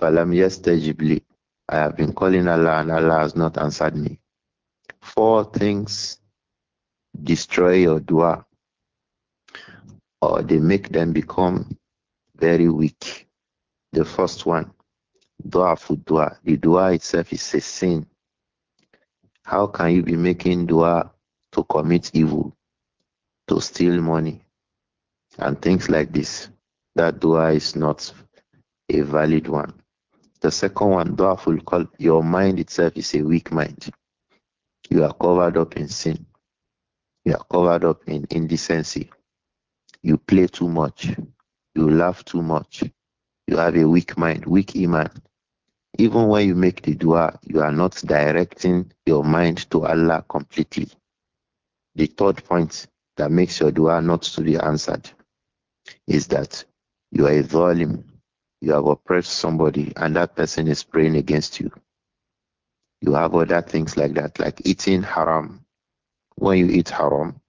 falam yustajibli, I have been calling Allah and Allah has not answered me. Four things destroy your dua or they make them become very weak. The first one, dua for dua. The dua itself is a sin. How can you be making dua to commit evil, to steal money, and things like this? That dua is not a valid one. The second one, dua for call. Your mind itself is a weak mind. You are covered up in sin. You are covered up in indecency you play too much. You laugh too much. You have a weak mind, weak iman. Even when you make the dua, you are not directing your mind to Allah completely. The third point that makes your dua not to be answered is that you are a You have oppressed somebody and that person is praying against you. You have other things like that, like eating haram. When you eat haram,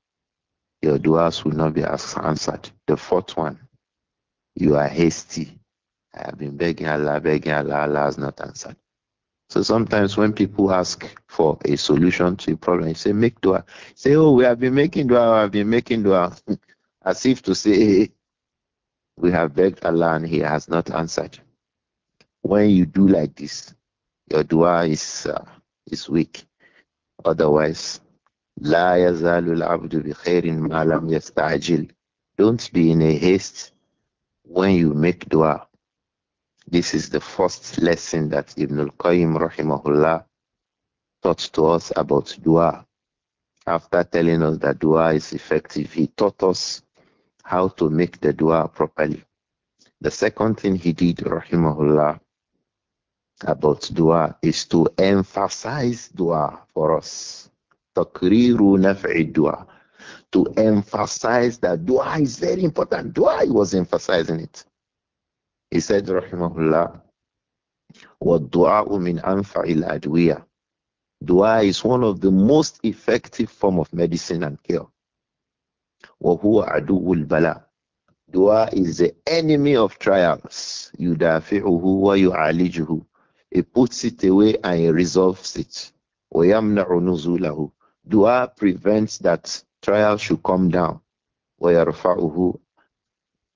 your duas will not be answered. The fourth one, you are hasty. I have been begging Allah, begging Allah, Allah has not answered. So sometimes when people ask for a solution to a problem, you say, make dua. Say, oh, we have been making dua, I have been making dua. (laughs) As if to say, we have begged Allah and He has not answered. When you do like this, your dua is, uh, is weak. Otherwise, don't be in a haste when you make dua. This is the first lesson that Ibn al-Qayyim rahimahullah taught to us about dua. After telling us that dua is effective, he taught us how to make the dua properly. The second thing he did, rahimahullah, about dua is to emphasize dua for us. To emphasize that dua is very important. Dua, was emphasizing it. He said, Rahimahullah, وَالدُّعَاءُ مِنْ أَنْفَعِ الْأَدْوِيَةِ Dua is one of the most effective form of medicine and cure. وَهُوَ عَدُوُّ الْبَلَاءِ Dua is the enemy of trials. يُدَافِعُهُ وَيُعَالِجُهُ He puts it away and he resolves it. وَيَمْنَعُ نُزُولَهُ Dua prevents that trial should come down. وَيَرْفَعُهُ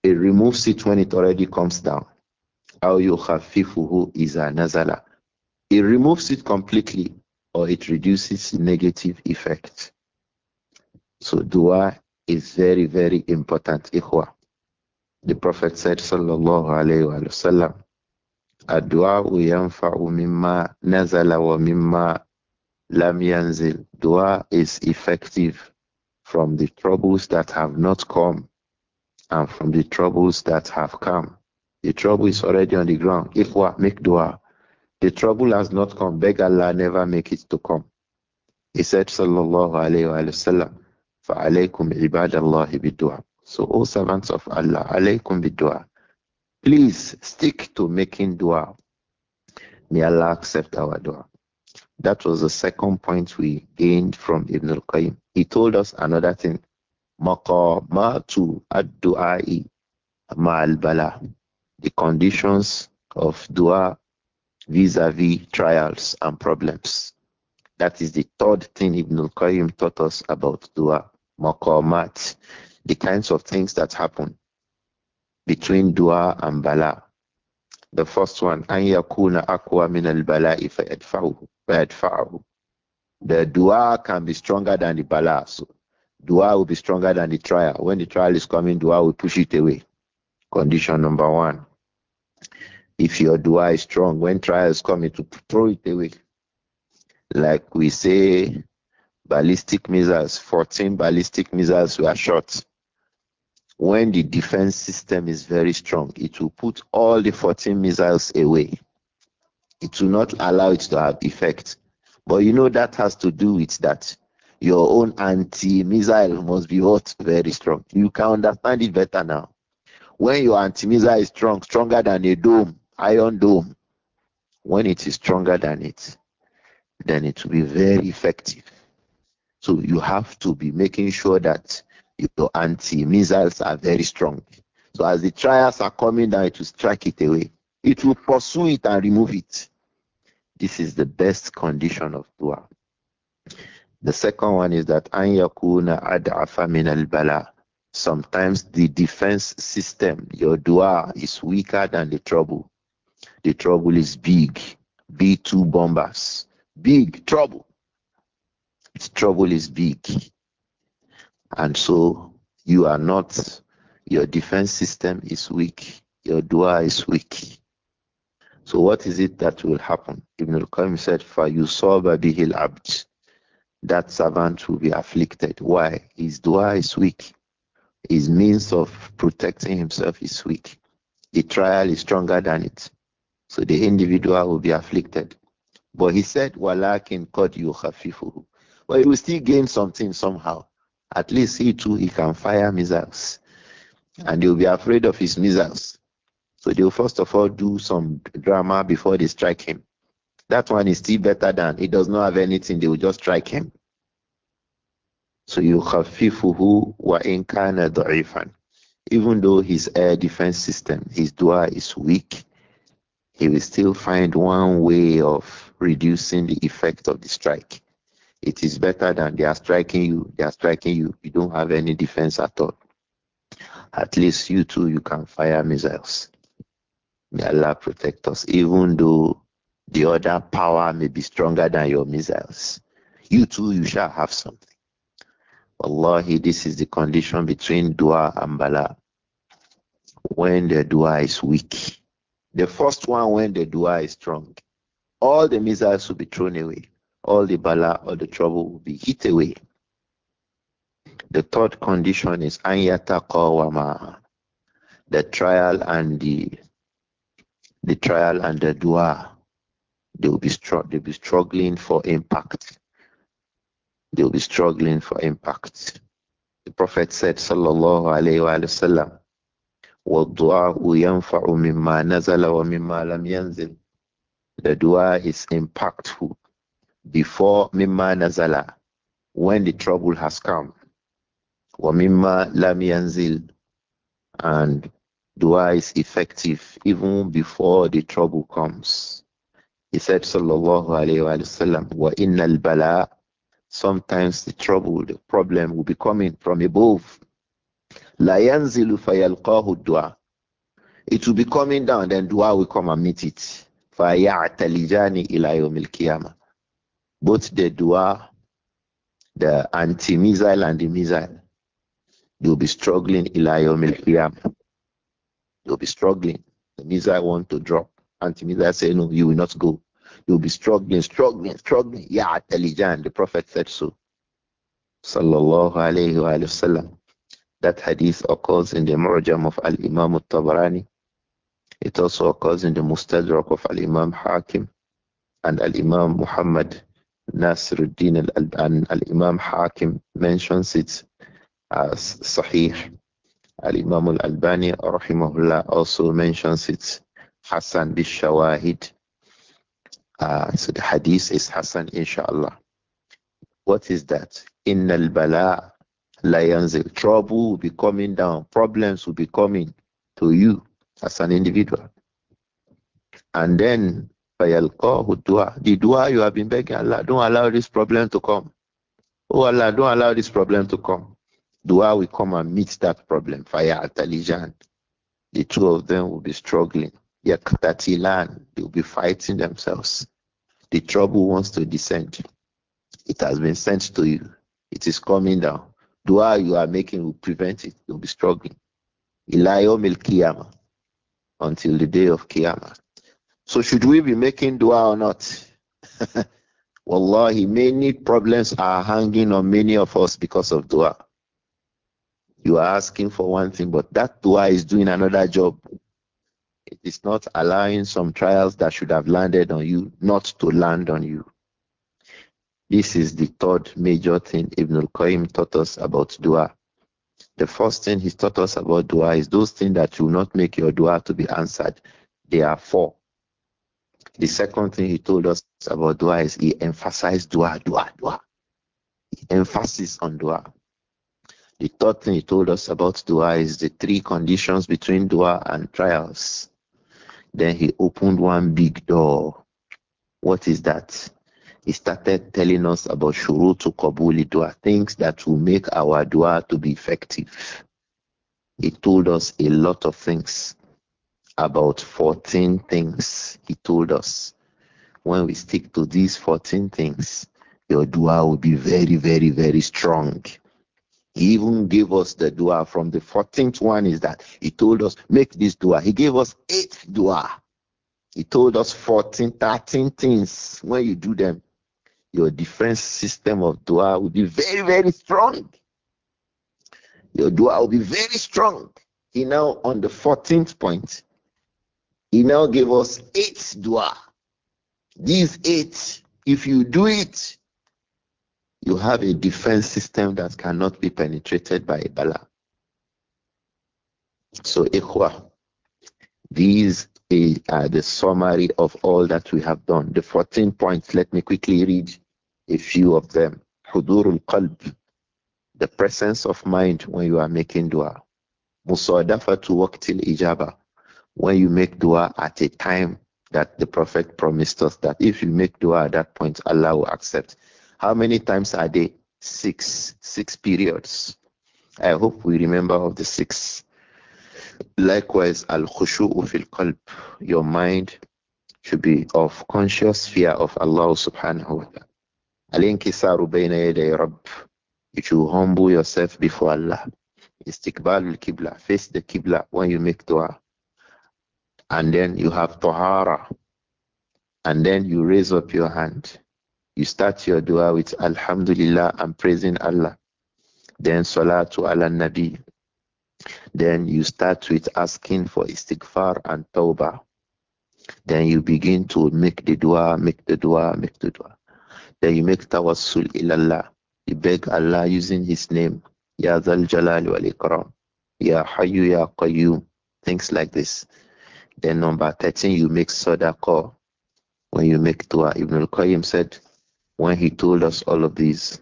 It removes it when it already comes down. أَوْ is a نَزَلَ It removes it completely or it reduces negative effect. So dua is very, very important. Ikhwa. The Prophet said, Sallallahu Alaihi Wasallam, Adua yanfa'u mimma nazala wa mimma lam dua is effective from the troubles that have not come and from the troubles that have come. The trouble is already on the ground. If what make dua, the trouble has not come. Beg Allah never make it to come. He said, Sallallahu Alaihi Wasallam, Fa alaykum ibadallahi bidua. So, all servants of Allah, alaykum bidua. Please stick to making dua. May Allah accept our dua. That was the second point we gained from Ibn al-Qayyim. He told us another thing. Maqamatu ad-du'a'i ma'al bala. The conditions of dua vis-a-vis trials and problems. That is the third thing Ibn al-Qayyim taught us about dua. Maqamat, the kinds of things that happen between dua and bala. The first one, an yakuna akwa min al-bala'i fayadfa'uhu فَيَدْفَعُهُ The dua can be stronger than the bala. So dua will be stronger than the trial. When the trial is coming, dua will push it away. Condition number one. If your dua is strong, when trials come, it will throw it away. Like we say, ballistic missiles, 14 ballistic missiles were shot. When the defense system is very strong, it will put all the 14 missiles away. It will not allow it to have effect. But you know that has to do with that. Your own anti-missile must be hot, Very strong. You can understand it better now. When your anti-missile is strong, stronger than a dome, iron dome, when it is stronger than it, then it will be very effective. So you have to be making sure that your anti-missiles are very strong. So as the trials are coming down, it will strike it away. It will pursue it and remove it. This is the best condition of dua. The second one is that an yakuna ad'afa min al-bala. Sometimes the defense system, your dua is weaker than the trouble. The trouble is big. B2 bombers. Big trouble. trouble is big. And so you are not, your defense system is weak. Your dua is weak. So what is it that will happen? Ibn al-Qayyim said, فَيُصَابَ بِهِ الْعَبْدِ That servant will be afflicted. Why? His dua is weak. His means of protecting himself is weak. The trial is stronger than it. So the individual will be afflicted. But he said, وَلَكِنْ قَدْ يُخَفِفُهُ But he will still gain something somehow. At least he too, he can fire missiles. And he will be afraid of his missiles. So they'll first of all do some drama before they strike him. That one is still better than it does not have anything, they will just strike him. So you khafifuhu wa in kana da'ifan. Even though his air defense system, his dua is weak, he will still find one way of reducing the effect of the strike. It is better than they are striking you, they are striking you, you don't have any defense at all. At least you too, you can fire missiles. May Allah protect us, even though the other power may be stronger than your missiles. You too, you shall have something. Wallahi, this is the condition between dua and bala. When the dua is weak, the first one when the dua is strong, all the missiles will be thrown away, all the bala or the trouble will be hit away. The third condition is anyata kawama, the trial and the the trial and the dua. They will be str- they'll be struggling for impact. They'll be struggling for impact. The Prophet said, Sallallahu Alaihi Wasallam, والدعاء mimma مما wa mimma lam yanzil." The dua is impactful before mimma nazala, when the trouble has come. mimma lam yanzil, and Dua is effective even before the trouble comes. He said, Sallallahu Alaihi Wasallam, wa innal bala. Sometimes the trouble, the problem will be coming from above. La yanzilu fayalqahu dua. It will be coming down, then dua will come and meet it. Fayatalijani ila yawmil qiyamah. Both the dua, the anti-missile and the missile, they will be struggling ila yawmil qiyamah You'll be struggling. The Miza want to drop. Auntie Miza say, No, you will not go. You'll be struggling, struggling, struggling. Yeah, Talijan, the Prophet said so. Sallallahu alayhi wasallam. That hadith occurs in the Murjam of Al Imam al Tabarani. It also occurs in the Mustadrak of Al Imam Hakim and Al Imam Muhammad Nasiruddin Al Alban. Al Imam Hakim mentions it as Sahih Al Imam Al Albani rahimahullah also mentions it Hassan bi Shawahid. Uh, so the hadith is Hassan inshallah. What is that? In al bala lions trouble will be coming down, problems will be coming to you as an individual. And then dua. The dua you have been begging Allah, don't allow this problem to come. Oh Allah, don't allow this problem to come. Dua will come and meet that problem. Fire Atalijan. The two of them will be struggling. Yakatilan, they'll be fighting themselves. The trouble wants to descend. It has been sent to you. It is coming down. Dua you are making will prevent it. You'll be struggling. Ilayomil Kiyama until the day of Qiyamah. So should we be making dua or not? (laughs) Wallahi, many problems are hanging on many of us because of dua. You are asking for one thing, but that dua is doing another job. It is not allowing some trials that should have landed on you not to land on you. This is the third major thing Ibn al-Qayyim taught us about dua. The first thing he taught us about dua is those things that will not make your dua to be answered. They are four. The second thing he told us about dua is he emphasized dua, dua, dua. Emphasis on dua. The third thing he told us about dua is the three conditions between dua and trials. Then he opened one big door. What is that? He started telling us about shuru to kabuli dua, things that will make our dua to be effective. He told us a lot of things, about 14 things he told us. When we stick to these 14 things, your dua will be very, very, very strong he even gave us the dua from the 14th one is that he told us, make this dua. He gave us eight dua. He told us 14, 13 things. When you do them, your defense system of dua will be very, very strong. Your dua will be very strong. He now, on the 14th point, he now gave us eight dua. These eight, if you do it, you have a defense system that cannot be penetrated by a bala. So, ikhwa, these eh, are the summary of all that we have done. The 14 points, let me quickly read a few of them. Hudurul qalb, the presence of mind when you are making dua. Musawadafa to till ijaba, when you make dua at a time that the Prophet promised us that if you make dua at that point, Allah will accept. How many times are they? Six. Six periods. I hope we remember of the six. Likewise, al khushu'u fil qalb. Your mind should be of conscious fear of Allah subhanahu wa ta'ala. Al-inkisaru bayna yaday Rabb. You should humble yourself before Allah. Istiqbal al-Qibla. Face the Qibla when you make dua. And then you have Tahara. And then you raise up your hand. You start your dua with Alhamdulillah and praising Allah. Then Salatu ala Nabi. Then you start with asking for istighfar and tawbah. Then you begin to make the dua, make the dua, make the dua. Then you make tawassul ilallah. You beg Allah using His name. Ya Zal Jalal wal Ikram. Ya Hayyu Ya Qayyum. Things like this. Then number 13, you make sadaqah when you make dua. Ibn al-Qayyim said, when he told us all of these.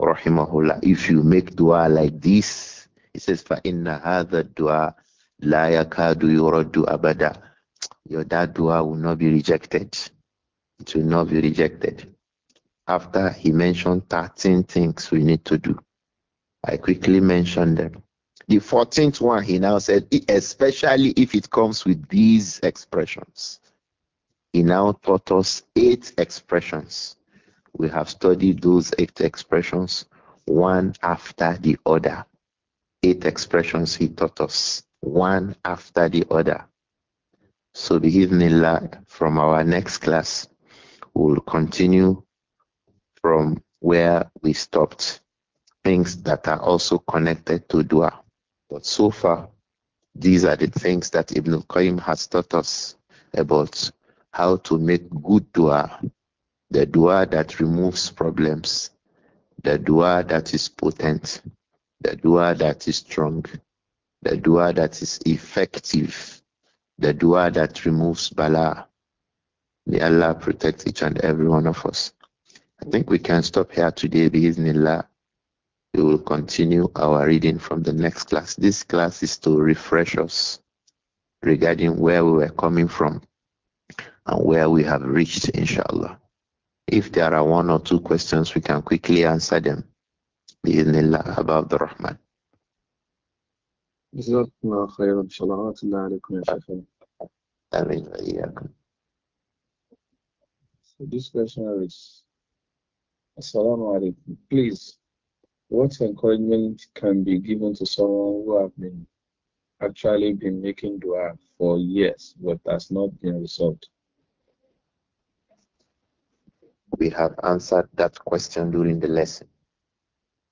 Rahimahullah, if you make dua like this, he says, فَإِنَّ هَذَا dua la yakadu yuraddu abada. Your that dua will not be rejected. It will not be rejected. After he mentioned 13 things we need to do, I quickly mentioned them. The 14th one, he now said, especially if it comes with these expressions. He now taught us eight expressions we have studied those eight expressions one after the other. Eight expressions he taught us, one after the other. So, the evening, bi'idhnillah, from our next class, we'll continue from where we stopped. Things that are also connected to dua. But so far, these are the things that Ibn al-Qayyim has taught us about how to make good dua the dua that removes problems, the dua that is potent, the dua that is strong, the dua that is effective, the dua that removes bala. May Allah protect each and every one of us. I think we can stop here today, bi'idhnillah. We will continue our reading from the next class. This class is to refresh us regarding where we were coming from and where we have reached, inshallah. If there are one or two questions, we can quickly answer them. Bismillah, about the Rahman. جزاكم الله خيرا So this question is Assalamu alaikum. Please, what encouragement can be given to someone who have been actually been making dua for years but has not been resolved? We have answered that question during the lesson.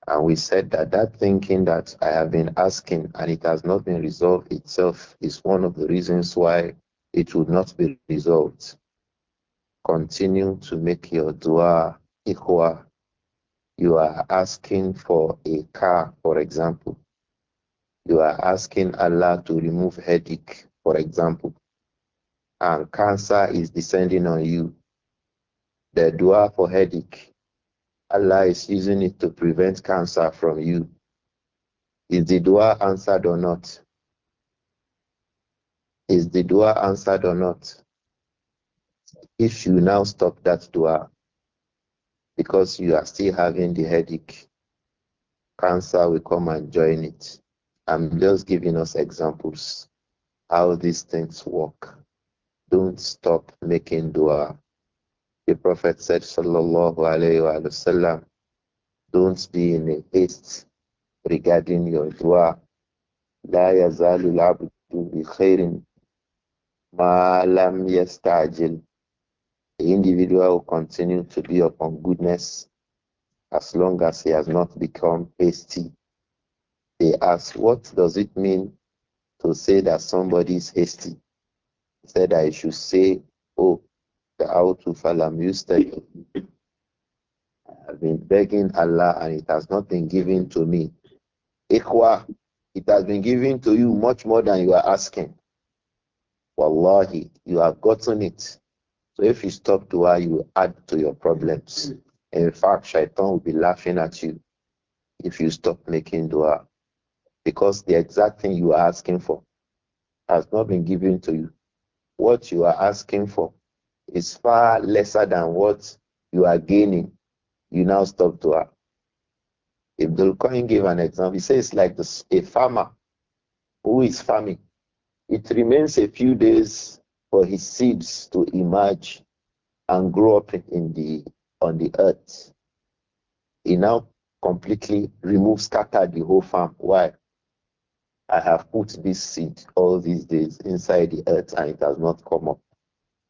And we said that that thinking that I have been asking and it has not been resolved itself is one of the reasons why it will not be resolved. Continue to make your dua equal. You are asking for a car, for example. You are asking Allah to remove headache, for example. And cancer is descending on you. The dua for headache. Allah is using it to prevent cancer from you. Is the dua answered or not? Is the dua answered or not? If you now stop that dua because you are still having the headache, cancer will come and join it. I'm just giving us examples how these things work. Don't stop making dua. The Prophet said, Sallallahu Alaihi Wasallam, don't be in a haste regarding your dua. لا يزال العبد بخير ما لم يستعجل. The individual will continue to be upon goodness as long as he has not become hasty. They ask, what does it mean to say that somebody is hasty? He said, I should say, oh, da'awtu falam yustajib. I have been begging Allah and it has not been given to me. Ikhwa, it has been given to you much more than you are asking. Wallahi, you have gotten it. So if you stop dua, you add to your problems. In fact, shaitan will be laughing at you if you stop making dua. Because the exact thing you are asking for has not been given to you. What you are asking for is far lesser than what you are gaining, you now stop to If Abdul Coin gave an example. He says, it's like this, a farmer who is farming, it remains a few days for his seeds to emerge and grow up in the on the earth. He now completely removes, scattered the whole farm. Why? I have put this seed all these days inside the earth and it has not come up.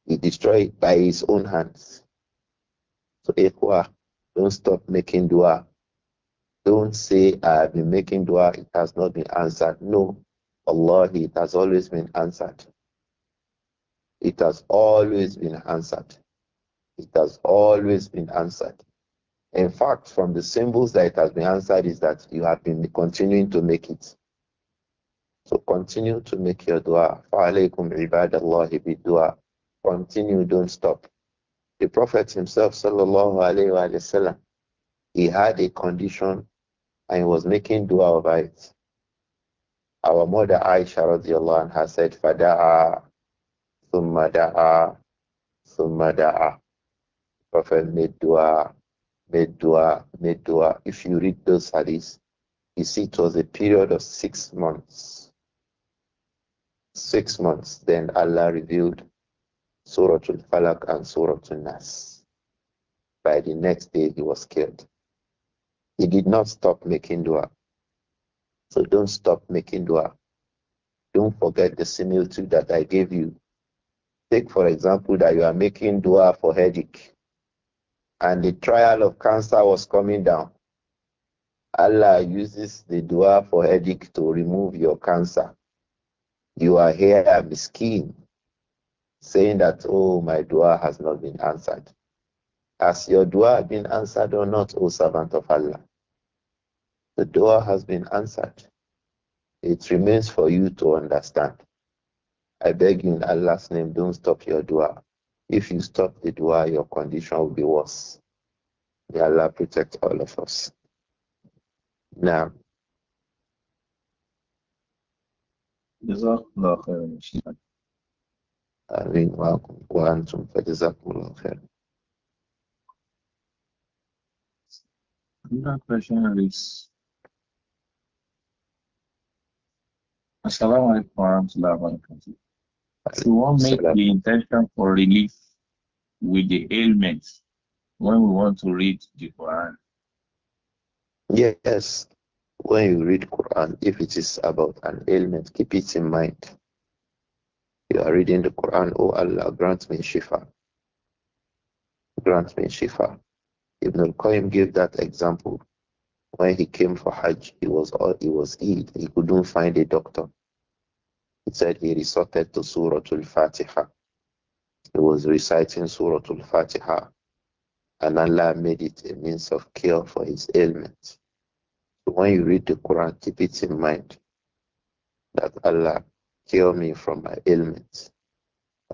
He destroyed by his own hands. So, Ikhwa, don't stop making dua. Don't say, I've been making dua, it has not been answered. No, Allah, it has always been answered. It has always been answered. It has always been answered. In fact, from the symbols that it has been answered is that you have been continuing to make it. So continue to make your dua. فَعَلَيْكُمْ عِبَادَ اللَّهِ dua. Continue, don't stop. The Prophet himself, sallallahu alayhi wasallam, he had a condition and he was making dua over it. Our mother Aisha radiallahu anha said, Fada'a, thumma da'a, thumma da'a. Prophet made dua, made dua, made dua. If you read those hadiths, you see it was a period of six months. Six months. Then Allah revealed Surah Al-Falaq and Surah Al-Nas. By the next day, he was killed. He did not stop making dua. So don't stop making dua. Don't forget the similitude that I gave you. Take, for example, that you are making dua for headache and the trial of cancer was coming down. Allah uses the dua for headache to remove your cancer. You are here, miskin, saying that, oh, my dua has not been answered. Has your dua been answered or not, O servant of Allah? The dua has been answered. It remains for you to understand. I beg you in Allah's name, don't stop your dua. If you stop the dua, your condition will be worse. May Allah protect all of us. Now, جزاك آمين وأنتم فجزاكم الله خير Another question is Assalamu alaikum Should one make the intention for relief with the ailments when we want to read the Quran? Yes, when you read Quran, if it is about an ailment, keep it in mind you are reading the Quran, O oh Allah, grant me Shifa. Grant me Shifa. Ibn al-Qayyim gave that example. When he came for Hajj, he was he was ill. He couldn't find a doctor. He said he resorted to Surah Al-Fatiha. He was reciting Surah Al-Fatiha, and Allah made it a means of cure for his ailment. So when you read the Quran, keep it in mind that Allah heal me from my ailments.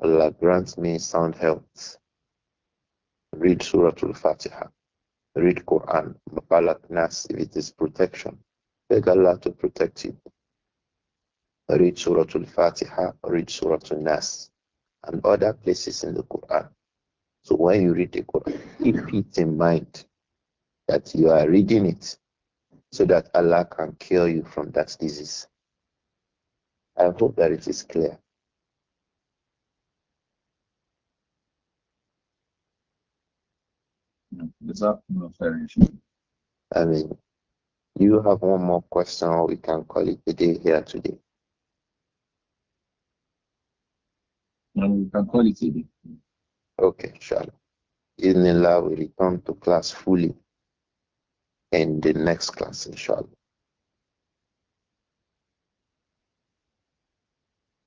Allah grant me sound health. Read Surah Al-Fatiha. Read Quran. Balak Nas if it is protection. Beg Allah to protect you. Read Surah Al-Fatiha. Read Surah Al-Nas. And other places in the Quran. So when you read the Quran, keep it in mind that you are reading it so that Allah can cure you from that disease. I hope that it is clear. Is that I mean, you have one more question, or we can call it a day here today. No, we can call it a day. Okay, Charlotte. In Allah, we return to class fully in the next class, inshallah.